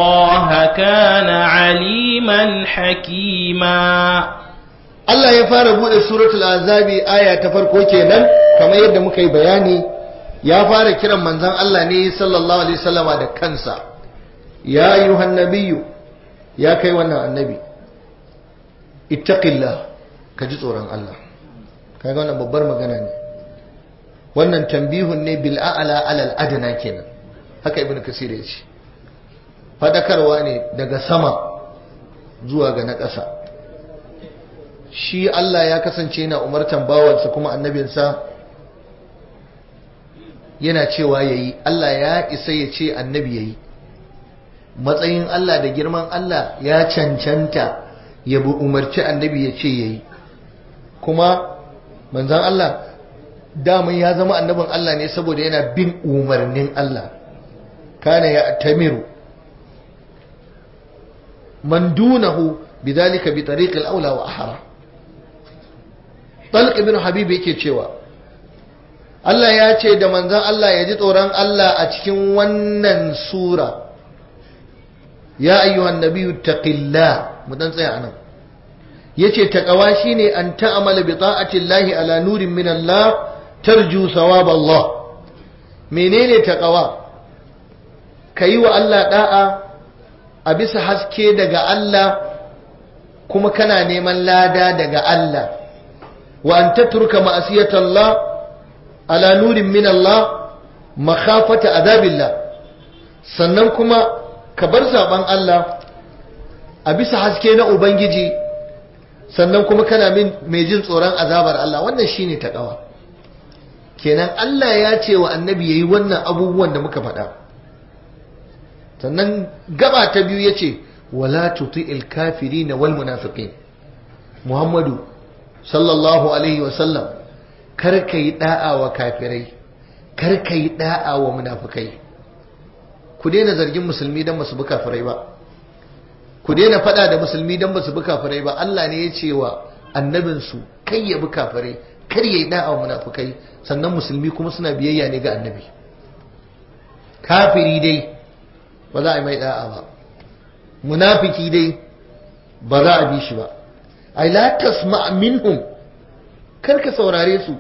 Speaker 2: الله كان
Speaker 1: عليما حكيما Allah ya fara bude suratul azabi aya ta farko kenan kamar yadda muka yi bayani ya fara kiran manzon Allah ne sallallahu alaihi wasallama da kansa ya ayyuhan nabiyyu ya kai wannan annabi ittaqillah ka ji tsoron Allah ga wannan babbar magana ne wannan tambihun ne bil a'la alal adna kenan haka ibnu kasir ya ce fadakarwa ne daga sama zuwa ga na ƙasa shi Allah ya kasance yana umartan bawansa kuma annabinsa yana cewa ya yi Allah ya isa ya ce annabi ya yi matsayin Allah da girman Allah ya cancanta ya bu umarci annabi ya ce ya yi kuma manzan Allah daman ya zama annabin Allah ne saboda yana bin umarnin Allah kana ya tamiru man dunahu bidhalika bi tariq aula wa ahra Talq ibn Habib yake cewa Allah ya ce da manzon Allah ya ji tsoron Allah a cikin wannan sura ya ayyuhan nabiyyu taqillah mu dan tsaya anan yace taƙawa shine an ta'amala bi ta'ati llahi ala nurin min Allah tarju thawab Allah menene taqawa kayi wa Allah ɗa'a. a bisa haske daga Allah kuma kana neman lada daga Allah wa an taturka Allah, ala nurin min Allah makhafata azabillah sannan kuma ka bar saban Allah a bisa haske na ubangiji sannan kuma kana min mai jin tsoron azabar Allah wannan shine takawa kenan Allah ya ce wa annabi yayi wannan abubuwan da muka faɗa sannan gaba ta biyu ya ce, wala tuti'il na wal munafiki muhammadu sallallahu alaihi wa sallam kar ka yi da'a wa kafirai kar ka yi da'a wa munafikai ku daina zargin musulmi don basu bi kafirai ba ku daina fada da musulmi don basu bi kafirai ba Allah ne ya ce wa annabinsu kai ya bi kafirai kar ya yi da'a wa munafikai sannan musulmi kuma suna biyayya ne ga annabi kafiri dai ba za a yi mai da'a ba munafiki dai ba za a bi shi ba ai la tasma minhum kar ka saurare su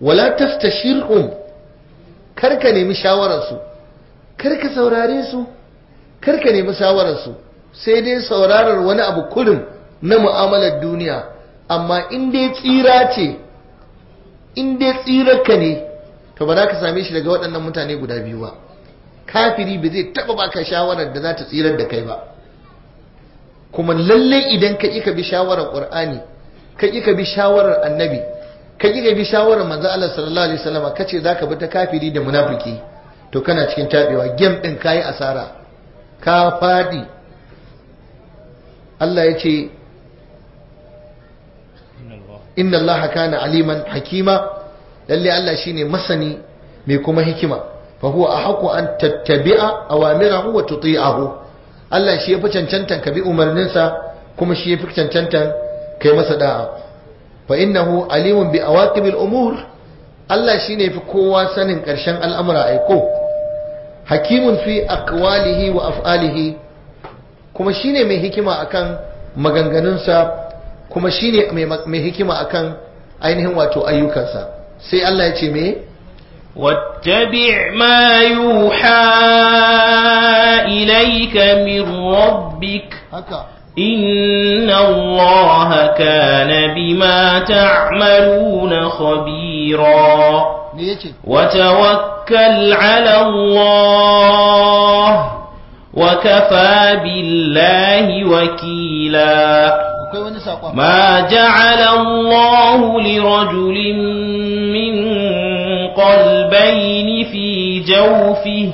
Speaker 1: wala tastashirhum kar ka nemi shawararsu. su kar saurare su kar nemi shawararsu. sai dai saurarar wani abu kurin na mu'amalar duniya amma in dai tsira ce in dai tsirarka ne to ba za ka same shi daga waɗannan mutane guda biyu ba kafiri ba zai taba baka shawarar da za ta tsirar da kai ba kuma lalle idan ka ka bi shawarar qur'ani ka ka bi shawarar annabi ka ka bi shawarar manzo Allah sallallahu alaihi wasallam kace zaka bi ta kafiri da munafiki to kana cikin tabewa game din kai asara ka fadi Allah ya ce inna Allah kana aliman hakima lalle Allah shine masani mai kuma hikima fa a hako an tattabi'a awamirahu wa tuti'ahu Allah shi yafi cancantan ka bi umarninsa kuma shi yafi cancantan kai masa da'a fa innahu alimun bi awaqibil umur Allah shine fi kowa sanin ƙarshen al'amura aiko hakimun fi aqwalihi wa af'alihi kuma shine mai hikima akan maganganunsa kuma shine mai hikima akan ainihin wato ayyukansa sai Allah ya ce me واتبع ما
Speaker 2: يوحى إليك من ربك إن الله كان بما تعملون خبيرا وتوكل على الله وكفى بالله وكيلا ما جعل الله لرجل من قلبين في جوفه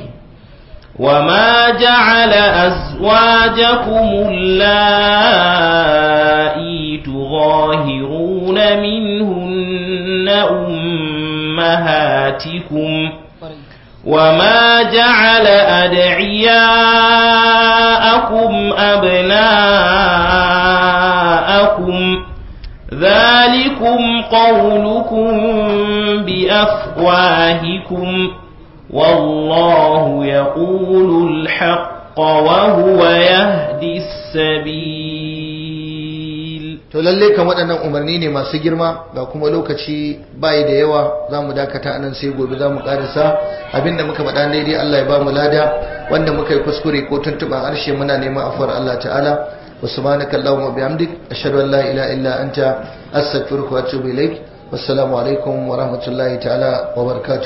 Speaker 2: وما جعل أزواجكم اللائي تظاهرون منهن أمهاتكم وما جعل أدعياءكم أبناءكم ذلكم قولكم بأفضل أفواهكم والله يقول الحق وهو يهدي
Speaker 1: السبيل to lalle kan waɗannan umarni ne masu girma ga kuma lokaci bai da yawa za mu dakata anan sai gobe za mu ƙarisa abinda muka faɗa daidai Allah ya ba mu lada wanda muka yi kuskure ko tuntuɓa harshe muna neman afuwar Allah ta'ala wa subhanaka Allahumma bihamdik ashhadu an la ilaha illa anta astaghfiruka wa atubu ilaik wassalamu alaikum wa rahmatullahi ta'ala wa barakatuh